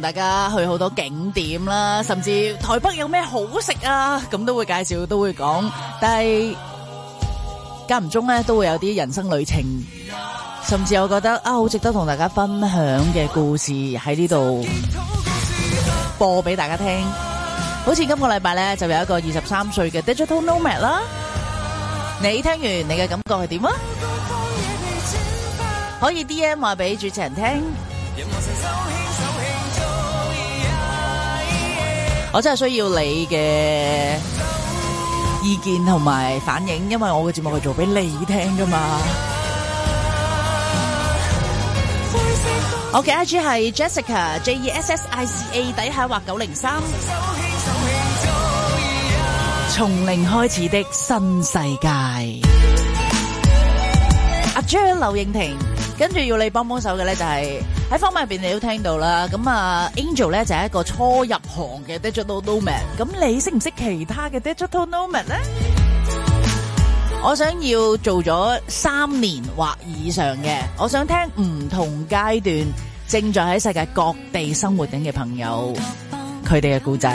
大家去好多景點啦，甚至台北有咩好食啊，咁都會介紹，都會講。但係間唔中咧，都會有啲人生旅程，甚至我覺得啊，好值得同大家分享嘅故事喺呢度播俾大家聽。好似今個禮拜咧，就有一個二十三歲嘅 Digital Nomad 啦。你聽完你嘅感覺係點啊？可以 DM 話俾主持人聽。我真係需要你嘅意見同埋反應，因為我嘅節目係做俾你聽㗎嘛。我嘅 I G 係 Jessica J E S S I C A，底下畫九零三。從零開始的新世界，阿張，劉穎婷。跟住要你幫幫手嘅咧，就係喺方面入邊你都聽到啦。咁啊，Angel 咧就係一個初入行嘅 digital nomad。咁你識唔識其他嘅 digital nomad 咧？我想要做咗三年或以上嘅，我想聽唔同階段正在喺世界各地生活緊嘅朋友，佢哋嘅故仔。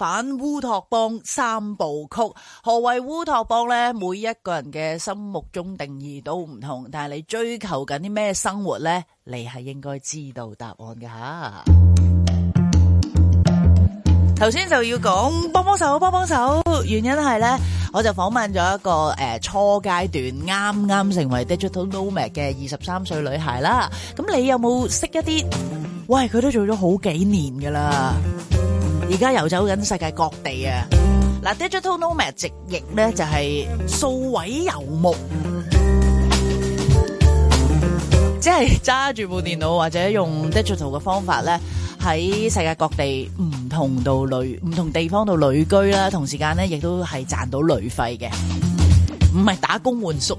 反烏托邦三部曲，何謂烏托邦呢？每一個人嘅心目中定義都唔同，但係你追求緊啲咩生活呢？你係應該知道答案㗎。吓。頭 先樂就要講幫幫手，幫幫手，原因係呢，我就訪問咗一個誒、呃、初階段啱啱成為 Digital Nomad 嘅二十三歲女孩啦。咁你有冇識一啲？喂，佢都做咗好幾年噶啦。而家遊走緊世界各地啊！嗱 ，digital nomad 直譯咧就係、是、數位游牧，即係揸住部電腦或者用 digital 嘅方法咧，喺世界各地唔同度旅、唔同地方度旅居啦，同時間咧亦都係賺到旅費嘅，唔係打工換宿。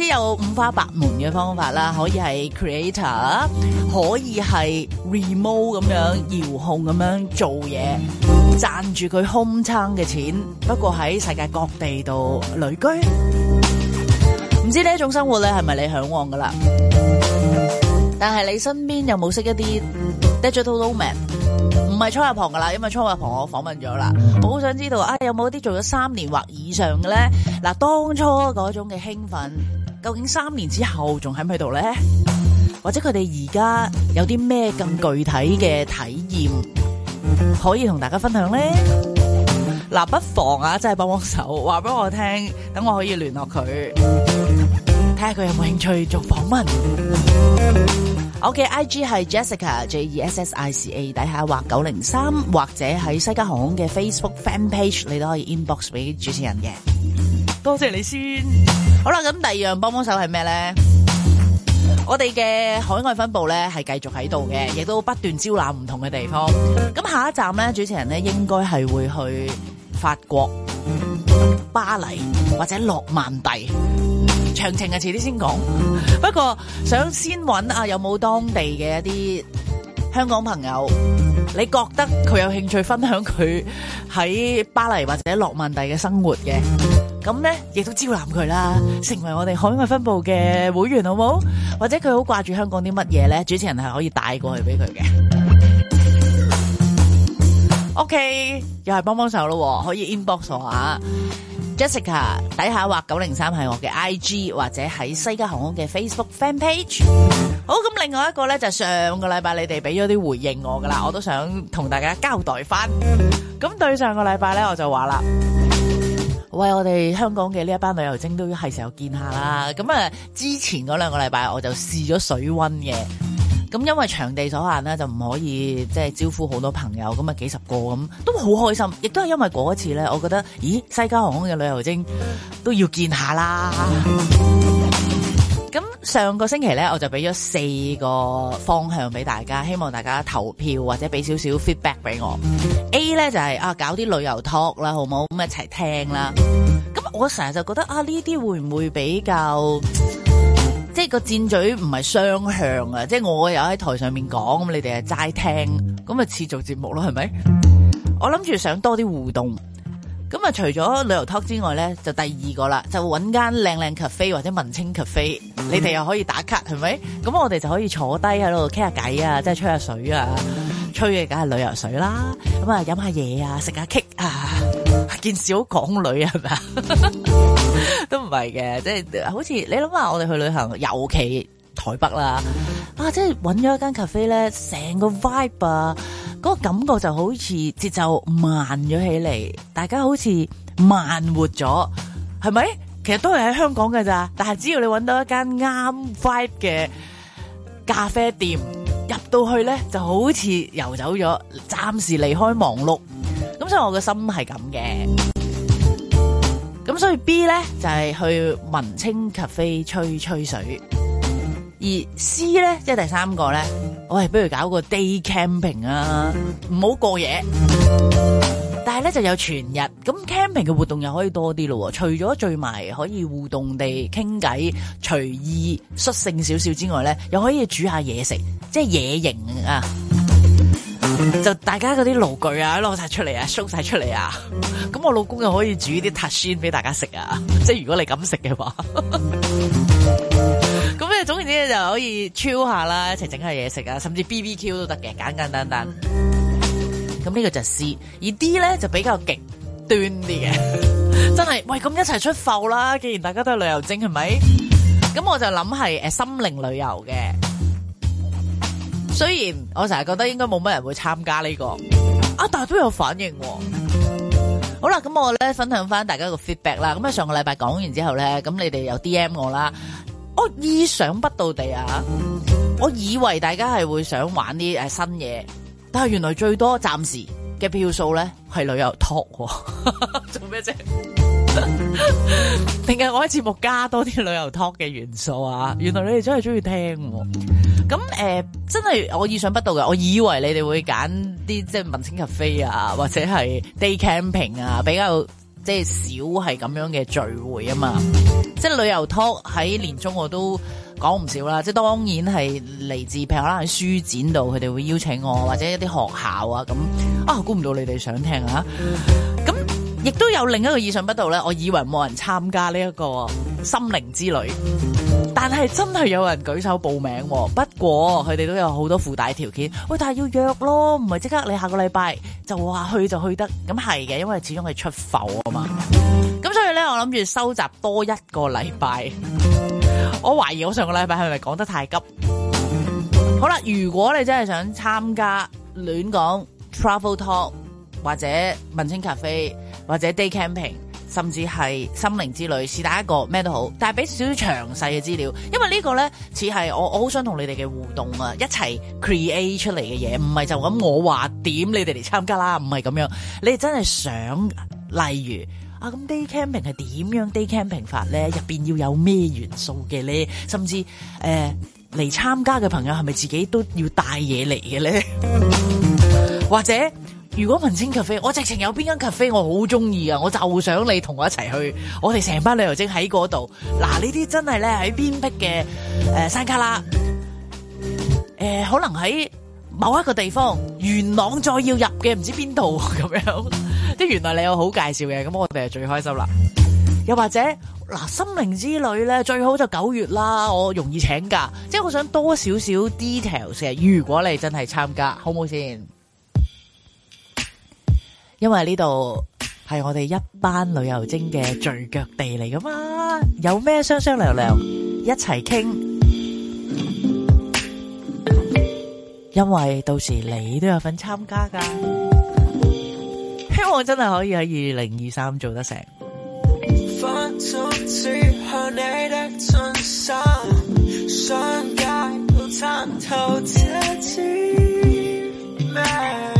啲有五花八門嘅方法啦，可以係 creator，可以係 remote 咁樣遙控咁樣做嘢，賺住佢空撐嘅錢，不過喺世界各地度旅居。唔 知呢一種生活咧係咪你向往噶啦？但係你身邊有冇識一啲 digital nomad 唔係初阿婆噶啦，因為初阿婆我訪問咗啦，好想知道啊有冇啲做咗三年或以上嘅咧？嗱，當初嗰種嘅興奮。究竟三年之後仲喺唔喺度咧？或者佢哋而家有啲咩更具體嘅體驗可以同大家分享咧？嗱，不妨啊，真係幫幫手，話俾我聽，等我可以聯絡佢，睇下佢有冇興趣做訪問。OK，I G 係 Jessica J E S S I C A，底下畫九零三，或者喺西加航空嘅 Facebook Fan Page，你都可以 inbox 俾主持人嘅。多謝你先。好啦，咁第二樣幫幫手係咩呢？我哋嘅海外分部呢係繼續喺度嘅，亦都不斷招攬唔同嘅地方。咁下一站呢，主持人呢應該係會去法國巴黎或者諾曼第。詳情啊，遲啲先講。不過想先揾啊，有冇當地嘅一啲香港朋友？你覺得佢有興趣分享佢喺巴黎或者諾曼第嘅生活嘅？咁咧，亦都招攬佢啦，成為我哋海外分部嘅會員好冇？或者佢好掛住香港啲乜嘢咧？主持人係可以帶過去俾佢嘅。OK，又係幫幫手咯，可以 inbox 下 Jessica。底下畫九零三係我嘅 IG，或者喺西加航空嘅 Facebook fan page。好，咁另外一個咧就係上個禮拜你哋俾咗啲回應我噶啦，我都想同大家交代翻。咁對上個禮拜咧，我就話啦。喂，我哋香港嘅呢一班旅遊精都要係時候見下啦！咁啊，之前嗰兩個禮拜我就試咗水溫嘅，咁因為場地所限咧，就唔可以即係招呼好多朋友，咁啊幾十個咁都好開心，亦都係因為嗰一次咧，我覺得咦，西加航空嘅旅遊精都要見下啦。咁上個星期咧，我就俾咗四個方向俾大家，希望大家投票或者俾少少 feedback 俾我。A 咧就係、是、啊，搞啲旅遊 talk 啦，好唔好？咁一齊聽啦。咁我成日就覺得啊，呢啲會唔會比較，即係個箭咀唔係雙向啊？即係我又喺台上面講，咁你哋就齋聽，咁啊似做節目咯，係咪？我諗住想多啲互動。咁啊，除咗旅遊 talk 之外咧，就第二個啦，就揾間靚靚 cafe 或者文青 cafe，mm. 你哋又可以打卡，係咪？咁我哋就可以坐低喺度傾下偈啊，即係吹下水啊，吹嘅梗係旅遊水啦。咁啊，飲下嘢啊，食下 cake 啊，見小港女係咪啊？是 都唔係嘅，即係好似你諗下，我哋去旅行，尤其台北啦，啊，即係揾咗一間 cafe 咧，成個 vibe 啊。嗰個感覺就好似節奏慢咗起嚟，大家好似慢活咗，係咪？其實都係喺香港嘅咋，但係只要你揾到一間啱 vibe 嘅咖啡店，入到去呢就好似游走咗，暫時離開忙碌。咁所以我個心係咁嘅，咁所以 B 呢，就係、是、去文青 cafe 吹吹水。而 C 咧，即係第三個咧，我係不如搞個 day camping 啊，唔好過夜。但係咧就有全日，咁 camping 嘅活動又可以多啲咯。除咗聚埋可以互動地傾偈，隨意率性少少之外咧，又可以煮下嘢食，即係野營啊。就大家嗰啲爐具啊，攞晒出嚟啊，show 晒出嚟啊。咁、啊、我老公又可以煮啲 touch in 俾大家食啊。即係如果你敢食嘅話。 即係可以 chill 下啦，一齊整下嘢食啊，甚至 BBQ 都得嘅，簡簡單單。咁呢個就是 C，而 D 呢就比較極端啲嘅， 真係喂咁一齊出埠啦！既然大家都係旅遊精，係咪？咁我就諗係誒心靈旅遊嘅。雖然我成日覺得應該冇乜人會參加呢個啊，但係都有反應、哦。好啦，咁我咧分享翻大家個 feedback 啦。咁啊上個禮拜講完之後咧，咁你哋有 D M 我啦。我意想不到地啊！我以為大家係會想玩啲誒新嘢，但係原來最多暫時嘅票數咧係旅遊 talk， 做咩什啫麼？定 係我喺節目加多啲旅遊 talk 嘅元素啊？原來你哋真係中意聽，咁誒、呃、真係我意想不到嘅。我以為你哋會揀啲即係文青咖啡啊，或者係 day camping 啊，比較。即係少係咁樣嘅聚會啊嘛，即係旅遊 talk 喺年中我都講唔少啦。即係當然係嚟自譬如可能喺書展度，佢哋會邀請我或者一啲學校啊咁啊，估唔到你哋想聽啊。咁亦都有另一個意想不到咧，我以為冇人參加呢一個心靈之旅。但係真係有人舉手報名，不過佢哋都有好多附帶條件。喂，但係要約咯，唔係即刻你下個禮拜就話去就去得？咁係嘅，因為始終係出埠啊嘛。咁所以呢，我諗住收集多一個禮拜。 我懷疑我上個禮拜係咪講得太急？好啦，如果你真係想參加亂講 travel talk 或者文青咖啡或者 day camping。甚至係「心靈之旅」是但一個咩都好，但係俾少少詳細嘅資料，因為個呢個咧似係我我好想同你哋嘅互動啊，一齊 create 出嚟嘅嘢，唔係就咁我話點你哋嚟參加啦，唔係咁樣，你哋真係想，例如啊咁 day camping 係點樣 day camping 法咧，入邊要有咩元素嘅咧，甚至誒嚟參加嘅朋友係咪自己都要帶嘢嚟嘅咧，或者？如果文青咖啡，我直情有邊間咖啡我好中意啊！我就想你同我一齊去，我哋成班旅遊精喺嗰度。嗱，呢啲真係咧喺偏僻嘅誒，山卡啦誒、呃，可能喺某一個地方，元朗再要入嘅唔知邊度咁樣。即係原來你有好介紹嘅，咁我哋就最開心啦。又或者嗱，心靈之旅咧最好就九月啦，我容易請假，即係我想多少少 details。如果你真係參加，好唔好先？因為呢度係我哋一班旅遊精嘅聚腳地嚟噶嘛，有咩商商量量，一齊傾，因為到時你都有份參加噶，希望真係可以喺二零二三做得成。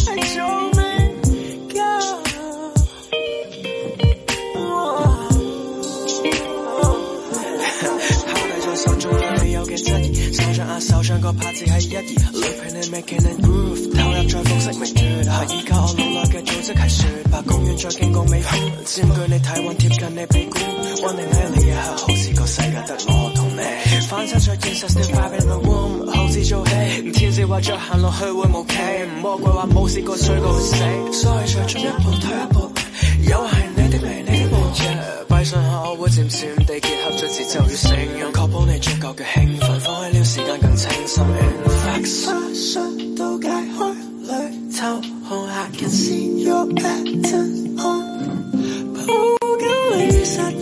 手上個拍子係一二，looping and making groove，投入再風色明著下，依家我腦內嘅組織係雪白，公園再經過美學，佔據你體溫貼近你鼻管，One and only 一刻好似個世界得我同你，翻身再見山 still vibing in the warm 好似做戲，天使話再行落去會無期，魔鬼話冇試過衰到死，所以再進一步退一步，又係你的魅力。閉上口我會漸漸地結合着節奏與聲音，確保你足夠嘅興奮。放開了，時間更清心。function 到解開旅途，I 客人 see you 抱緊你，嗯、殺人，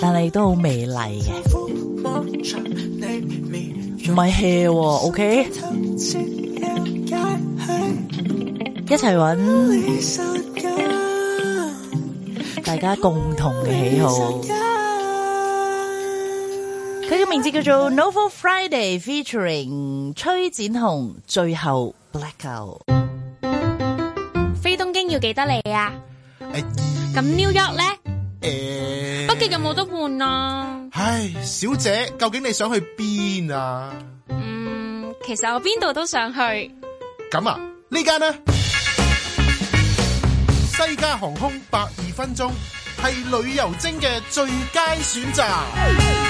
但係都好美麗嘅，唔係 hea 喎，OK？一齊揾大家共同嘅喜好。佢嘅名字叫做 Novel Friday，featuring 崔展雄，最後 Blackout。飛東京要幾多嚟啊？咁 New York 咧？誒，北京有冇得換啊？換唉，小姐，究竟你想去邊啊？嗯，其實我邊度都想去。咁啊，呢間呢？ 西加航空百二分鐘係旅游精嘅最佳選擇。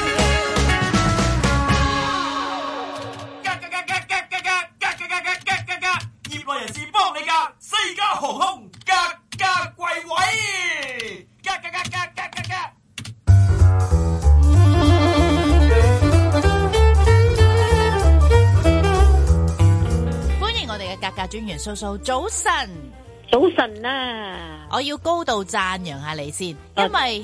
叔叔，早晨，早晨啊！我要高度讚揚下你先，因為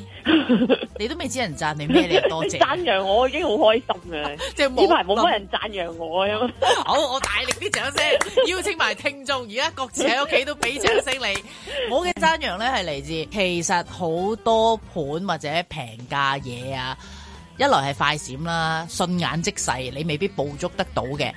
你都未知人讚你咩你多謝讚揚我，我已經好開心嘅。即係呢排冇乜人讚揚我，好，我大力啲掌聲，邀請埋聽眾，而家各自喺屋企都俾掌聲你。我嘅讚揚咧係嚟自，其實好多盤或者平價嘢啊，一來係快閃啦，瞬眼即逝，你未必捕捉得到嘅。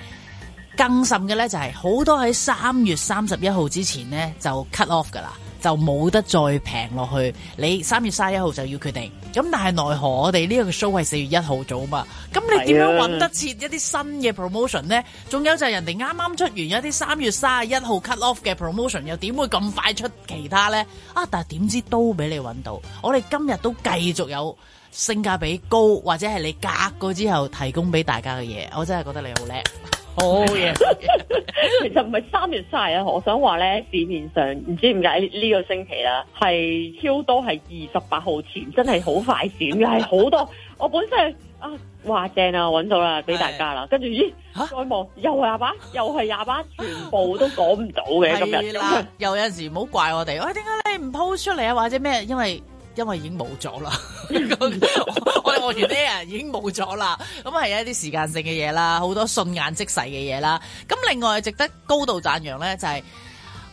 更甚嘅咧、就是，就係好多喺三月三十一號之前呢，就 cut off 噶啦，就冇得再平落去。你三月三十一號就要決定咁，但係奈何我哋呢個 show 係四月一號早嘛？咁你點樣搵得切一啲新嘅 promotion 呢？仲、啊、有就係人哋啱啱出完一啲三月三十一號 cut off 嘅 promotion，又點會咁快出其他呢？啊！但係點知都俾你搵到，我哋今日都繼續有性價比高或者係你隔過之後提供俾大家嘅嘢，我真係覺得你好叻。 好嘢，其實唔係三月三日啊，我想話咧，市面上唔知點解呢個星期啦，係超多係二十八號前，真係好快閃嘅，係好多。我本身啊，哇正啊，揾到啦，俾大家啦，跟住咦，再望又係廿八，又係廿八，全部都講唔到嘅今日。又有陣時唔好怪我哋，喂，點解你唔 post 出嚟啊？或者咩？因為。因為已經冇咗啦，我哋我哋啲人已經冇咗啦，咁係一啲時間性嘅嘢啦，好多順眼即逝嘅嘢啦。咁另外值得高度讚揚咧，就係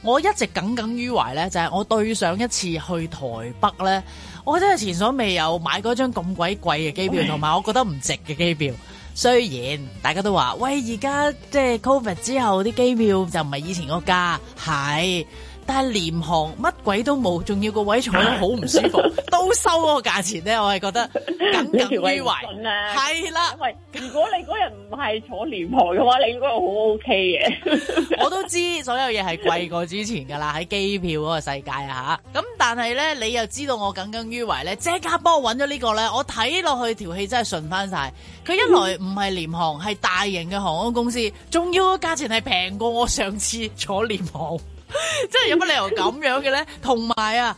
我一直耿耿於懷咧，就係我對上一次去台北咧，我真係前所未有買嗰張咁鬼貴嘅機票，同埋 Okay. 我覺得唔值嘅機票。雖然大家都話，喂，而家即係 Covid 之後啲機票就唔係以前個價，係。但係廉航乜鬼都冇，仲要個位坐得好唔舒服， 都收嗰個價錢咧，我係覺得耿耿於懷，係、啊、啦。喂，如果你嗰日唔係坐廉航嘅話，你應該好 OK 嘅。 我都知所有嘢係貴過之前噶啦，喺機票嗰個世界啊吓。咁但係咧，你又知道我耿耿於懷咧？即刻幫我揾咗呢個咧，我睇落去條氣真係順翻晒。佢一來唔係廉航，係大型嘅航空公司，仲要個價錢係平過我上次坐廉航。 真係有乜理由咁樣嘅咧？同埋啊，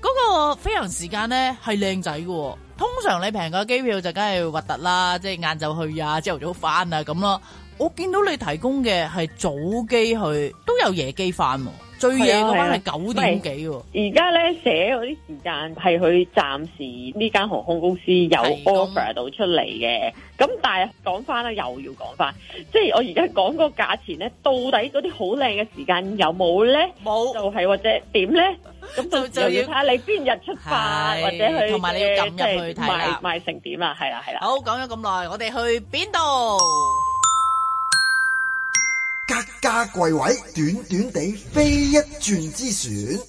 嗰個飛行時間咧係靚仔喎。通常你平個機票就梗係核突啦，即係晏晝去啊，朝頭早翻啊咁咯。我見到你提供嘅係早機去，都有夜機翻、啊。最夜嘅話係九點幾喎，而家咧寫嗰啲時間係佢暫時呢間航空公司有 offer 到出嚟嘅，咁但係講翻啦，又要講翻，即係我而家講個價錢咧，到底嗰啲好靚嘅時間有冇咧？冇就係或者點咧？咁就就要睇你邊日出發，或者去同埋你要撳入去睇啦，賣賣成點啊？係啦，係啦。好，講咗咁耐，我哋去邊度？各家貴位，短短地飛一轉之選。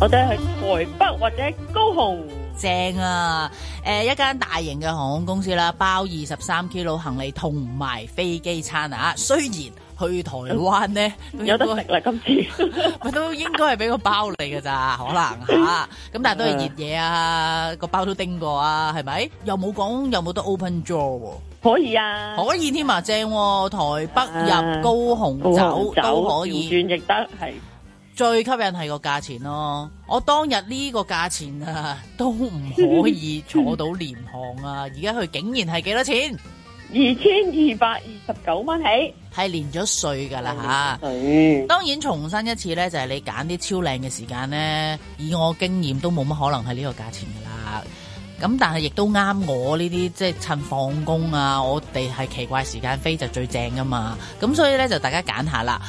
我哋去台北或者高雄，正啊！誒、呃，一間大型嘅航空公司啦，包二十三 kilo 行李同埋飛機餐啊。雖然去台灣呢，有得食啦，今次咪都應該係俾今次 個包嚟噶咋，可能吓。咁但係都係熱嘢啊，個、啊 啊、包都叮過啊，係咪？又冇講，又冇得 open draw、啊。可以啊，可以添啊，正啊台北入高雄酒都可以，算轉亦得係。係最吸引係個價錢咯、啊，我當日呢個價錢啊，都唔可以坐到廉航啊，而家佢竟然係幾多錢？二千二百二十九蚊起，係連咗稅噶啦吓。當然重申一次呢，就係、係、你揀啲超靚嘅時間呢，以我經驗都冇乜可能係呢個價錢噶啦。咁但係亦都啱我呢啲，即係趁放工啊！我哋係奇怪時間飛就最正噶嘛！咁所以呢，就大家揀下啦。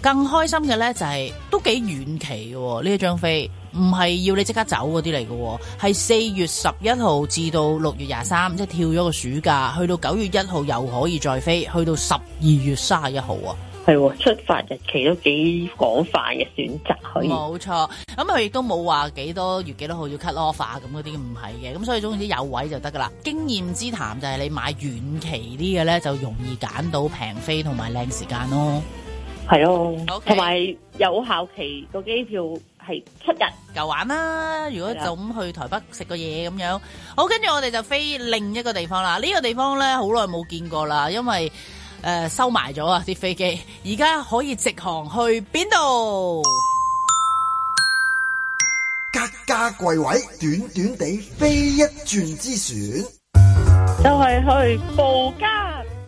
更開心嘅呢、就是，就係都幾遠期嘅呢一張飛，唔係要你即刻走嗰啲嚟嘅，係四月十一號至到六月廿三，即係跳咗個暑假，去到九月一號又可以再飛，去到十二月三十一號啊！係喎、哦，出發日期都幾廣泛嘅選擇可以。冇錯，咁佢亦都冇話幾多月幾多號要 cut off 咁嗰啲唔係嘅。咁所以總之，有位就得噶啦。嗯、經驗之談就係你買遠期啲嘅咧，就容易揀到平飛同埋靚時間咯。係咯，同埋有效期個機票係七日夠玩啦、啊。如果就咁去台北食個嘢咁樣，好，跟住我哋就飛另一個地方啦。呢、這個地方咧好耐冇見過啦，因為。誒、呃，收埋咗啊！啲飛機而家可以直航去邊度？格家貴位，短短地飛一轉之選，就係去布加。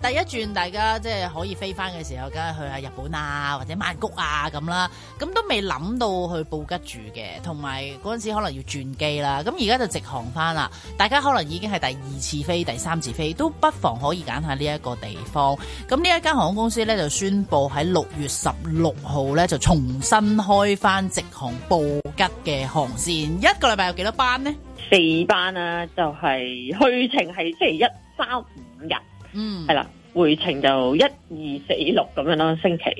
第一轉大家即係可以飛翻嘅時候，梗係去下日本啊，或者曼谷啊咁啦。咁都未諗到去布吉住嘅，同埋嗰陣時可能要轉機啦。咁而家就直航翻啦。大家可能已經係第二次飛、第三次飛，都不妨可以揀下呢一個地方。咁呢一間航空公司呢，就宣布喺六月十六號呢，就重新開翻直航布吉嘅航線。一個禮拜有幾多班呢？四班啦、啊，就係、是、去程係星期一、三、五日。嗯，係啦，回程就一二四六咁樣咯、啊，星期。誒、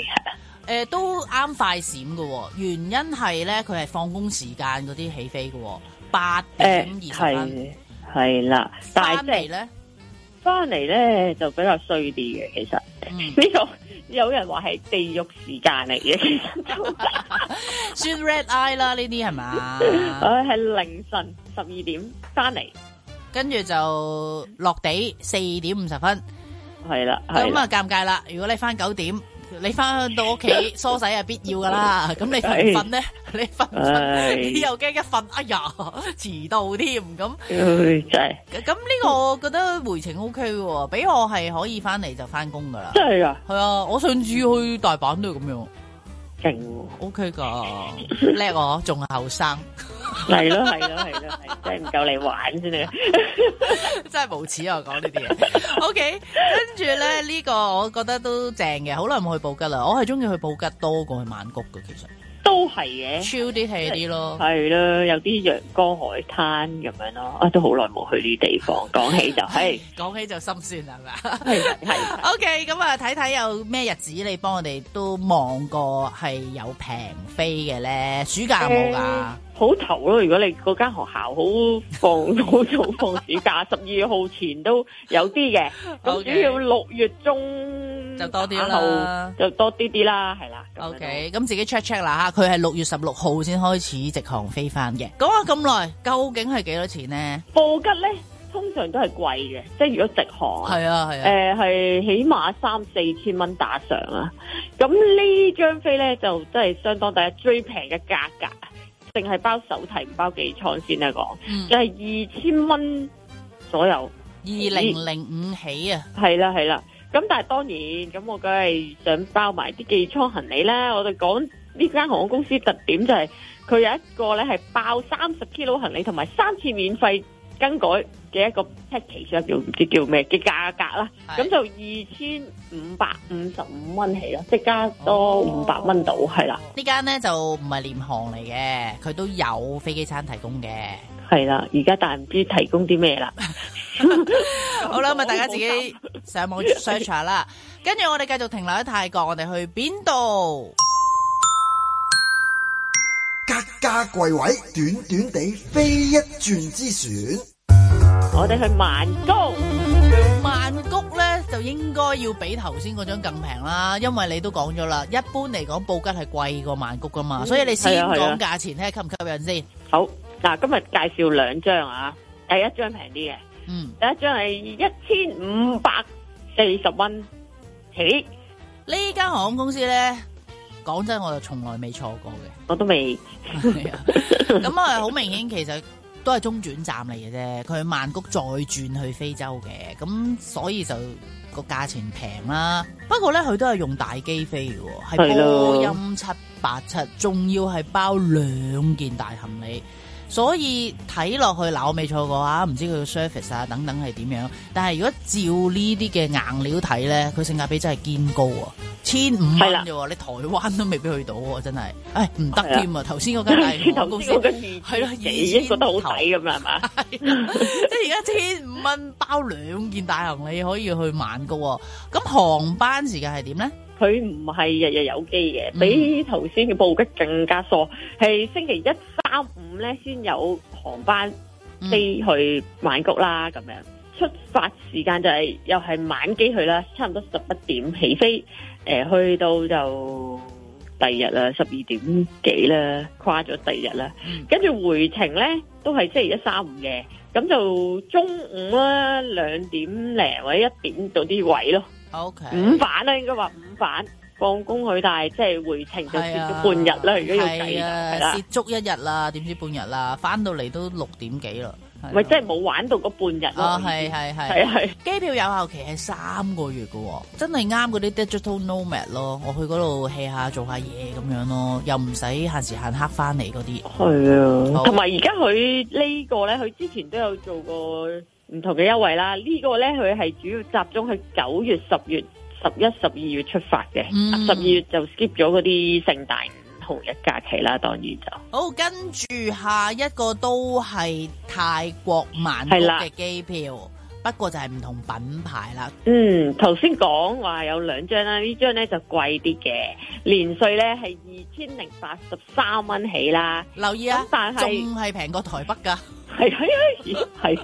呃，都啱快閃嘅、哦，原因係咧，佢係放工時間嗰啲起飛嘅、哦，八點二十分。係啦的，翻嚟咧，翻嚟咧就比較衰啲嘅，其實呢、嗯、個有人話係地獄時間嚟嘅，其實 算 red eye 啦，呢啲係咪，係凌晨十二點翻嚟。回來跟住就落地四點五十分，係啦，咁啊尷尬啦！如果你翻九點，你翻到屋企梳洗係必要噶啦，咁你瞓瞓咧，哎、你瞓、哎、你又驚一瞓，哎呀遲到添咁，咁呢、哎、個我覺得回程 O K 喎，俾我係可以翻嚟就翻工噶啦。真係啊？係啊，我上次去大阪都係咁樣。勁，O K 噶叻，我仲後生，係咯，係咯，係咯，真係唔夠你玩先啦， 真係無恥啊我講呢啲嘢，O K，跟住咧呢個我覺得都正嘅，好耐冇去布吉啦，我係中意去布吉多過去曼谷噶，其實。都係嘅，超啲係啲咯，係啦、嗯，有啲陽光海灘咁樣咯，啊，都好耐冇去呢啲地方，講 起就係，講 起就心酸係咪啊？係 ，OK，咁啊，睇睇有咩日子你幫我哋都望過係有平飛嘅咧，暑假冇㗎？嗯好頭咯，如果你嗰間學校好放好早放暑假，十二號前都有啲嘅。咁主要六月中就多啲啦，就多啲啲啦，係啦。O K，咁自己 check check 啦吓，佢係六月十六號先開始直航飛翻嘅。講咗咁耐，究竟係幾多錢呢？布吉咧，通常都係貴嘅，即係如果直航係啊係啊，誒係起碼三四千蚊打上啦。咁呢張飛咧就真係相當大最平嘅價格。淨係包手提唔包寄倉先得，講就係二千蚊左右，二零零五起啊，係啦係啦。咁但係當然，咁我梗係想包埋啲寄倉行李啦。我哋講呢間航空公司特點就係，佢有一個呢係包三十 kg 行李同埋三次免費。更改嘅一個 package，叫唔知叫咩嘅價格啦，咁就二千五百五十五蚊起咯，即係加多五百蚊到，係啦。呢間咧就唔係廉航嚟嘅，佢都有飛機餐提供嘅，係啦。而家但係唔知提供啲咩啦。好啦，咁啊大家自己上網 search 下啦。跟住我哋繼續停留喺泰國，我哋去邊度？格價貴位，短短地飛一轉之選。我哋去曼谷，曼谷咧就應該要比頭先嗰張更平啦，因為你都講咗啦，一般嚟講布吉係貴過曼谷㗎嘛，所以你先講價錢睇吸唔吸引先。好，嗱今日介紹兩張啊，第一張平啲嘅，嗯，第一張係一千五百四十蚊起，呢間航空公司咧。講真，我就從來未錯過嘅，我都未。咁啊，好明顯其實都係中轉站嚟嘅啫，佢喺曼谷再轉去非洲嘅，咁所以就個價錢平啦。不過呢，佢都係用大機飛嘅喎，係波音七八七，仲要係包兩件大行李。所以睇落去，樓未錯嘅話，唔知佢嘅 service 啊等等係點樣？但係如果照呢啲嘅硬料睇咧，佢性價比真係堅高喎，千五蚊啫喎，的你台灣都未必去到喎，真係，唉，唔得添啊！頭先嗰間大航空 公司係咯，已經覺得好抵咁啦，係嘛？即係而家千五蚊包兩件大行李可以去曼谷，咁航班時間係點咧？佢唔係日日有機嘅，比頭先嘅布吉更加疏，係星期一三五咧先有航班飛去曼谷啦。咁樣出發時間就係又係晚機去啦，差唔多十一點起飛，誒，去到就第二日啦，十二點幾啦，跨咗第二日啦。跟住回程咧都係星期一三五嘅，咁就中午啦兩點零或者一點到啲位咯。OK，五反啦，應該話五反放工去，但係即係回程就蝕咗半日啦。而家要計啦，蝕足一日啦，點知半日啦，翻到嚟都六點幾啦。唔係，即係冇玩到嗰半日咯。啊，係係係係。機票有效期係三個月噶，真係啱嗰啲 digital nomad 咯。我去嗰度 hea 下，做下嘢咁樣咯，又唔使限時限刻翻嚟嗰啲。係啊，同埋而家佢呢個咧，佢之前都有做過。唔同嘅優惠啦，呢、這個呢，佢係主要集中喺九月、十月、十一、十二月出發嘅，十二、嗯、月就 skip 咗嗰啲聖誕紅日假期啦，當然就。好，跟住下一個都係泰國曼谷嘅機票，的不過就係唔同品牌啦。嗯，頭先講話有兩張啦，呢張呢就貴啲嘅，年稅呢係二千零八十三蚊起啦。留意啊，咁但係仲係平過台北噶。係啊，係，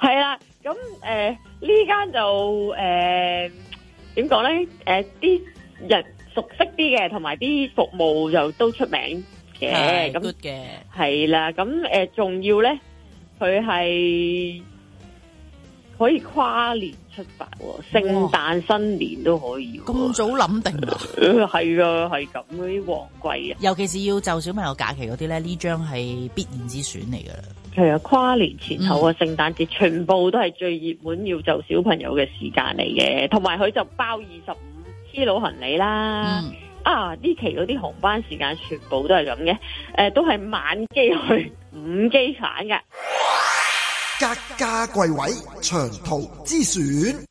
係啦。咁誒，呢間就誒點講咧？誒，啲人熟悉啲嘅，同埋啲服務又都出名嘅。咁嘅係啦。咁誒，仲要咧，佢係可以跨年出發，聖誕新年都可以。咁早諗定啊？係啊，係咁啲旺季啊。尤其是要就小朋友假期嗰啲咧，呢張係必然之選嚟噶啦。係啊，跨年前後啊，聖誕節全部都係最熱門要就小朋友嘅時間嚟嘅，同埋佢就包二十五 kilo 行李啦。嗯、啊，呢期嗰啲航班時間全部都係咁嘅，誒、呃，都係晚機去五機的，午機返嘅，格價貴位長途之選。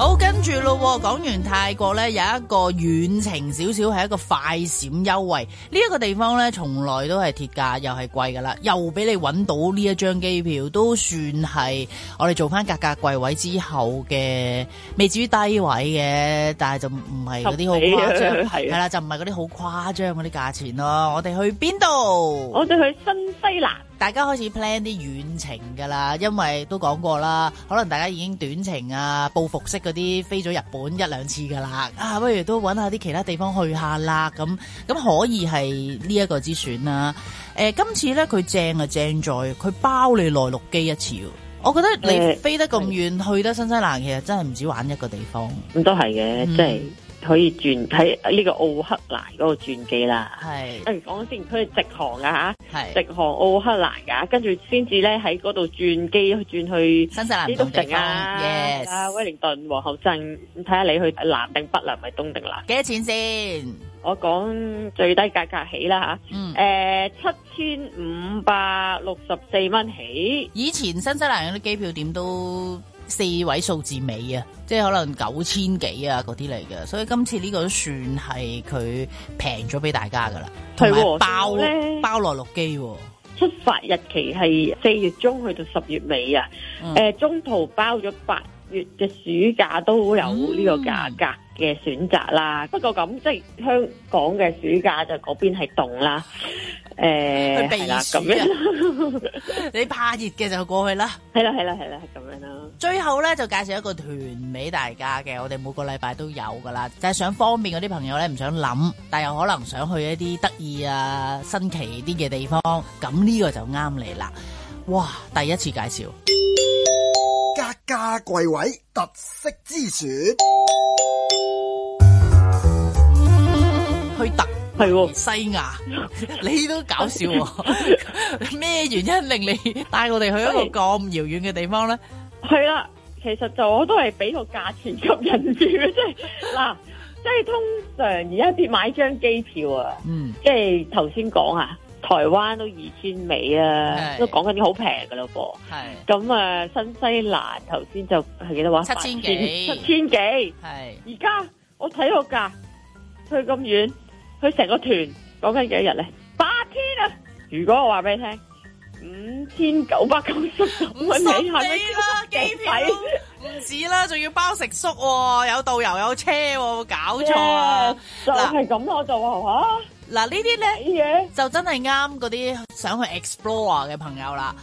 好，跟住咯，講完泰國咧，有一個遠程少少，係一個快閃優惠。呢、這、一個地方咧，從來都係鐵價，又係貴噶啦，又俾你搵到呢一張機票，都算係我哋做翻價格，格貴位之後嘅，未至於低位嘅，但係就唔係嗰啲好誇張，係係啦，就唔係嗰啲好誇張嗰啲價錢咯。我哋去邊度？我哋去新西蘭。大家開始 plan 啲遠程㗎啦，因為都講過啦，可能大家已經短程啊，報復式嗰啲飛咗日本一兩次㗎啦，啊不如都揾下啲其他地方去下啦，咁咁可以係呢一個之選啦。誒、呃，今次咧佢正啊，正在佢包你內陸機一次，我覺得你飛得咁遠、呃、去得新西蘭，其實真係唔止玩一個地方，咁都係嘅，即係。嗯可以轉喺呢個奧克蘭嗰個轉機啦，係是。我哋講先，佢直航啊是直航奧克蘭噶，跟住先至咧喺嗰度轉機轉去新西蘭嗰啲、啊、地方，yes，威靈頓、皇后鎮，睇下你去南定北啦，咪東定南。幾多錢先？我講最低價格起啦吓，嗯，誒七千五百六十四蚊起。以前新西蘭嗰啲機票點都～四位數字尾9，啊，即係可能九千幾啊嗰啲嚟嘅，所以今次呢個都算係佢平咗俾大家噶啦，退埋包咧的包內陸機、啊、出發日期係四月中去到十月尾啊。誒、嗯呃，中途包咗八月嘅暑假都有呢個價格嘅選擇啦。嗯、不過咁即係香港嘅暑假就嗰邊係凍啦。誒，去避暑啊！你怕熱嘅就過去啦。係啦，係啦，係啦，係咁樣啦。最後咧就介紹一個團俾大家嘅，我哋每個禮拜都有噶啦，就係想方便嗰啲朋友咧，唔想諗，但又可能想去一啲得意啊、新奇啲嘅地方，咁呢個就啱你啦。哇，第一次介紹，家家貴位，特色之選，去特。係喎，西亞，你都搞笑喎！咩原因令你帶我哋去一個咁遙遠嘅地方咧？係啦，其實就我都係俾個價錢吸引住嘅，即係嗱，即係通常而家啲買張機票啊，嗯，即係頭先講啊，台灣都二千美啊，都講緊啲好平噶咯噃，係咁啊，新西蘭頭先就係幾多話七千幾，七千幾，係而家我睇個價去咁遠。佢成個團講緊幾多日咧？八天啊！如果我話俾你聽，五千九百九十九蚊起啦，幾抵？唔止啦，仲要包食宿、哦，有導遊，有車、哦，喎！搞錯啊！Yeah, 就係咁，我就話嗱呢啲呢嘢，就真係啱嗰啲想去 explore 嘅朋友啦。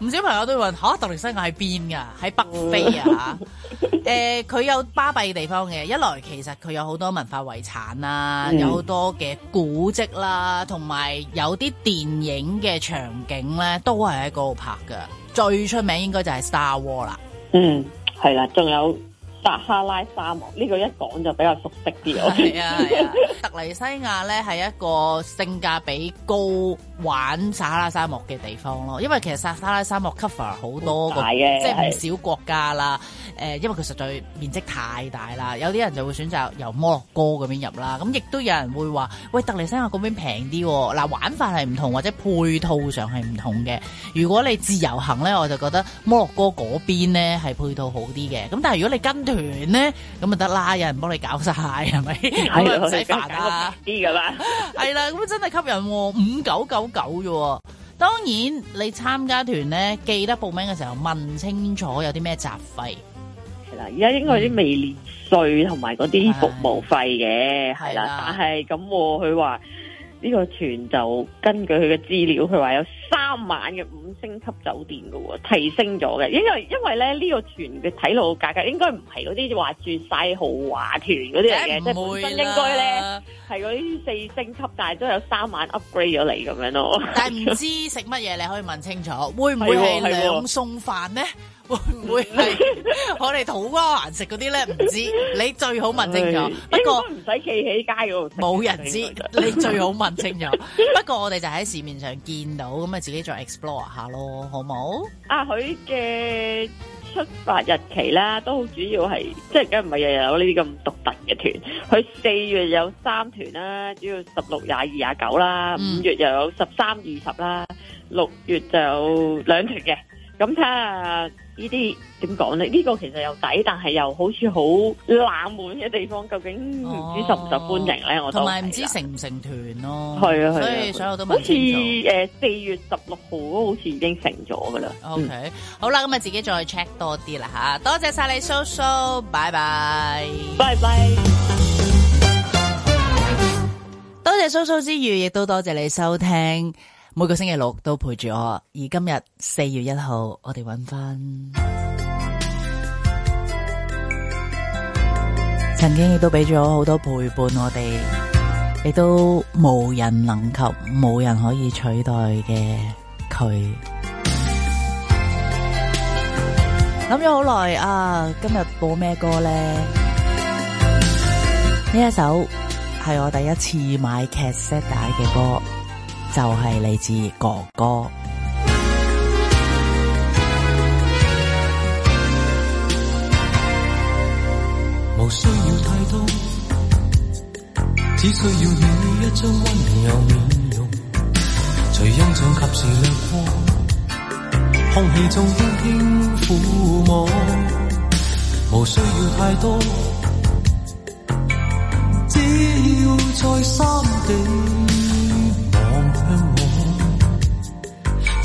唔少朋友都會問，嚇、啊，特尼西亞喺邊㗎？喺北非啊佢、 呃、有巴閉嘅地方嘅，一來其實佢有好多文化遺產啦，嗯、有好多嘅古蹟啦，同埋有啲電影嘅場景咧，都係喺嗰度拍㗎。最出名應該就係 Star Wars 啦，嗯，係啦，仲有撒哈拉沙漠，呢、這個一講就比較熟悉啲。係啊係啊， 特尼西亞咧係一個性價比高。玩撒哈拉沙漠嘅地方咯，因為其實撒哈拉沙漠 cover 好多嘅即係唔少國家啦。誒的因為佢實在面積太大啦，有啲人就會選擇由摩洛哥嗰邊入啦。咁亦都有人會話，喂，突尼西亞嗰邊平啲喎。嗱，玩法係唔同，或者配套上係唔同嘅。如果你自由行咧，我就覺得摩洛哥嗰邊咧係配套好啲嘅。咁但係如果你跟團咧，咁啊得啦，有人幫你搞晒，係咪？咁唔使煩啊，啲啦，咁 真係吸引喎，五九九。九啫，當然你參加團咧，記得報名嘅時候問清楚有啲咩雜費。係啦，而家應該啲未連稅同埋嗰啲服務費嘅，係啦唉。是的但係咁，佢話。呢個團就根據佢嘅資料，佢話有三晚嘅五星級酒店㗎喎，提升咗嘅。因為因為咧，呢個團嘅體路價格應該唔係嗰啲話轉晒豪華團嗰啲嚟嘅，即係本身應該咧係嗰啲四星級，但係都有三晚 upgrade 咗嚟咁樣咯。但係唔知食乜嘢，你可以問清楚， 會唔會係兩餸飯咧？會唔會係我哋土瓜灣食嗰啲咧？唔知你最好問清楚。不過唔使企喺街嗰度，冇人知。你最好問清楚。不過我哋就喺市面上見到咁啊，自己再 explore 下咯，好冇？啊，佢嘅出發日期呢，都好主要係即係，而家唔係日日有呢啲咁獨特嘅團。佢四月有三團啦，主要十六廿二廿九啦，五月又有十三二十啦，六月就有兩團嘅。咁睇下。呢啲點講咧？呢個其實又抵，但係又好似好冷門嘅地方，究竟唔知受唔受歡迎咧？我同埋唔知成唔成團咯。係啊，係。所以所有我都唔清楚。好似誒四月十六號都好似已經成咗噶啦。OK，好啦，咁啊自己再 check 多啲啦吓。多謝晒你，蘇蘇，拜拜，拜拜。多謝蘇蘇之餘，亦都多謝你收聽。每個星期六都陪住我，而今日四月一號，我哋揾翻，曾經亦都俾咗好多陪伴我哋，亦都無人能及、冇人可以取代嘅佢。諗咗好耐啊，今日播咩歌咧？呢一首係我第一次買 cassette 帶嘅歌。就係來自哥哥。無需要太多，只需要你一張溫柔面容，隨印象及時掠過，空氣中輕輕撫摸。無需要太多，只要在心底。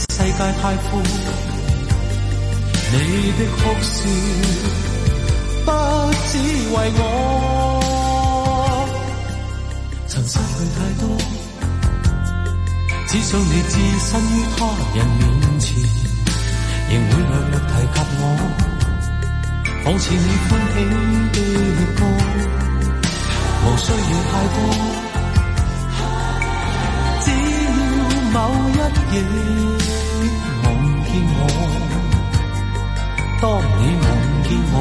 世界太闊，你的哭笑不只為我。曾失去太多，只想你置身於他人面前，仍會略略提及我，仿似你歡喜的歌，無需要太多，只要某一夜。我，當你夢見我，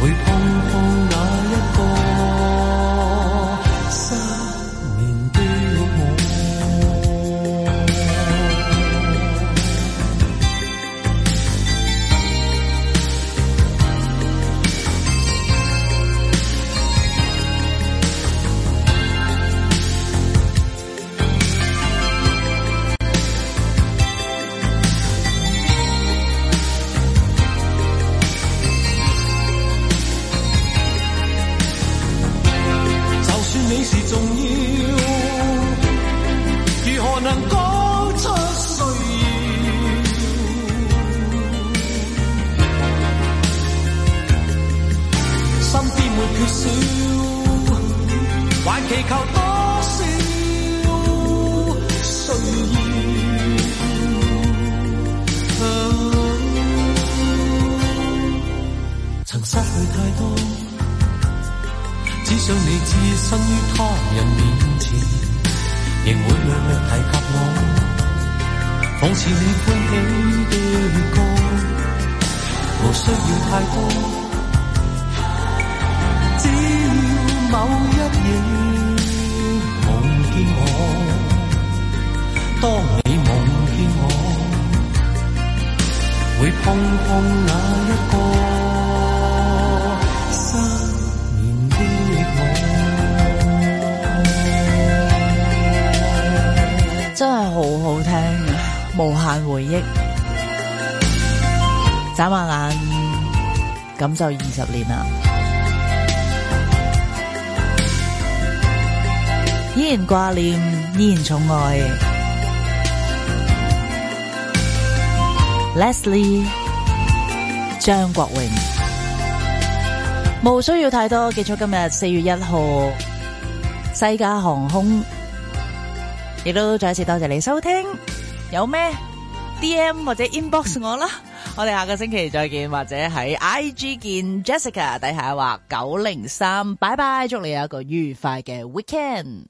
會碰碰。就二十年啦，依然掛念，依然寵愛。Leslie，張國榮，無需要太多。記住今日四月一號，西加航空亦都再一次多謝你收聽。有咩 DM 或者 inbox 我啦。嗯我哋下個星期再見，或者喺 I G 見 Jessica 底下話九零三，拜拜！祝你有一個愉快嘅 weekend。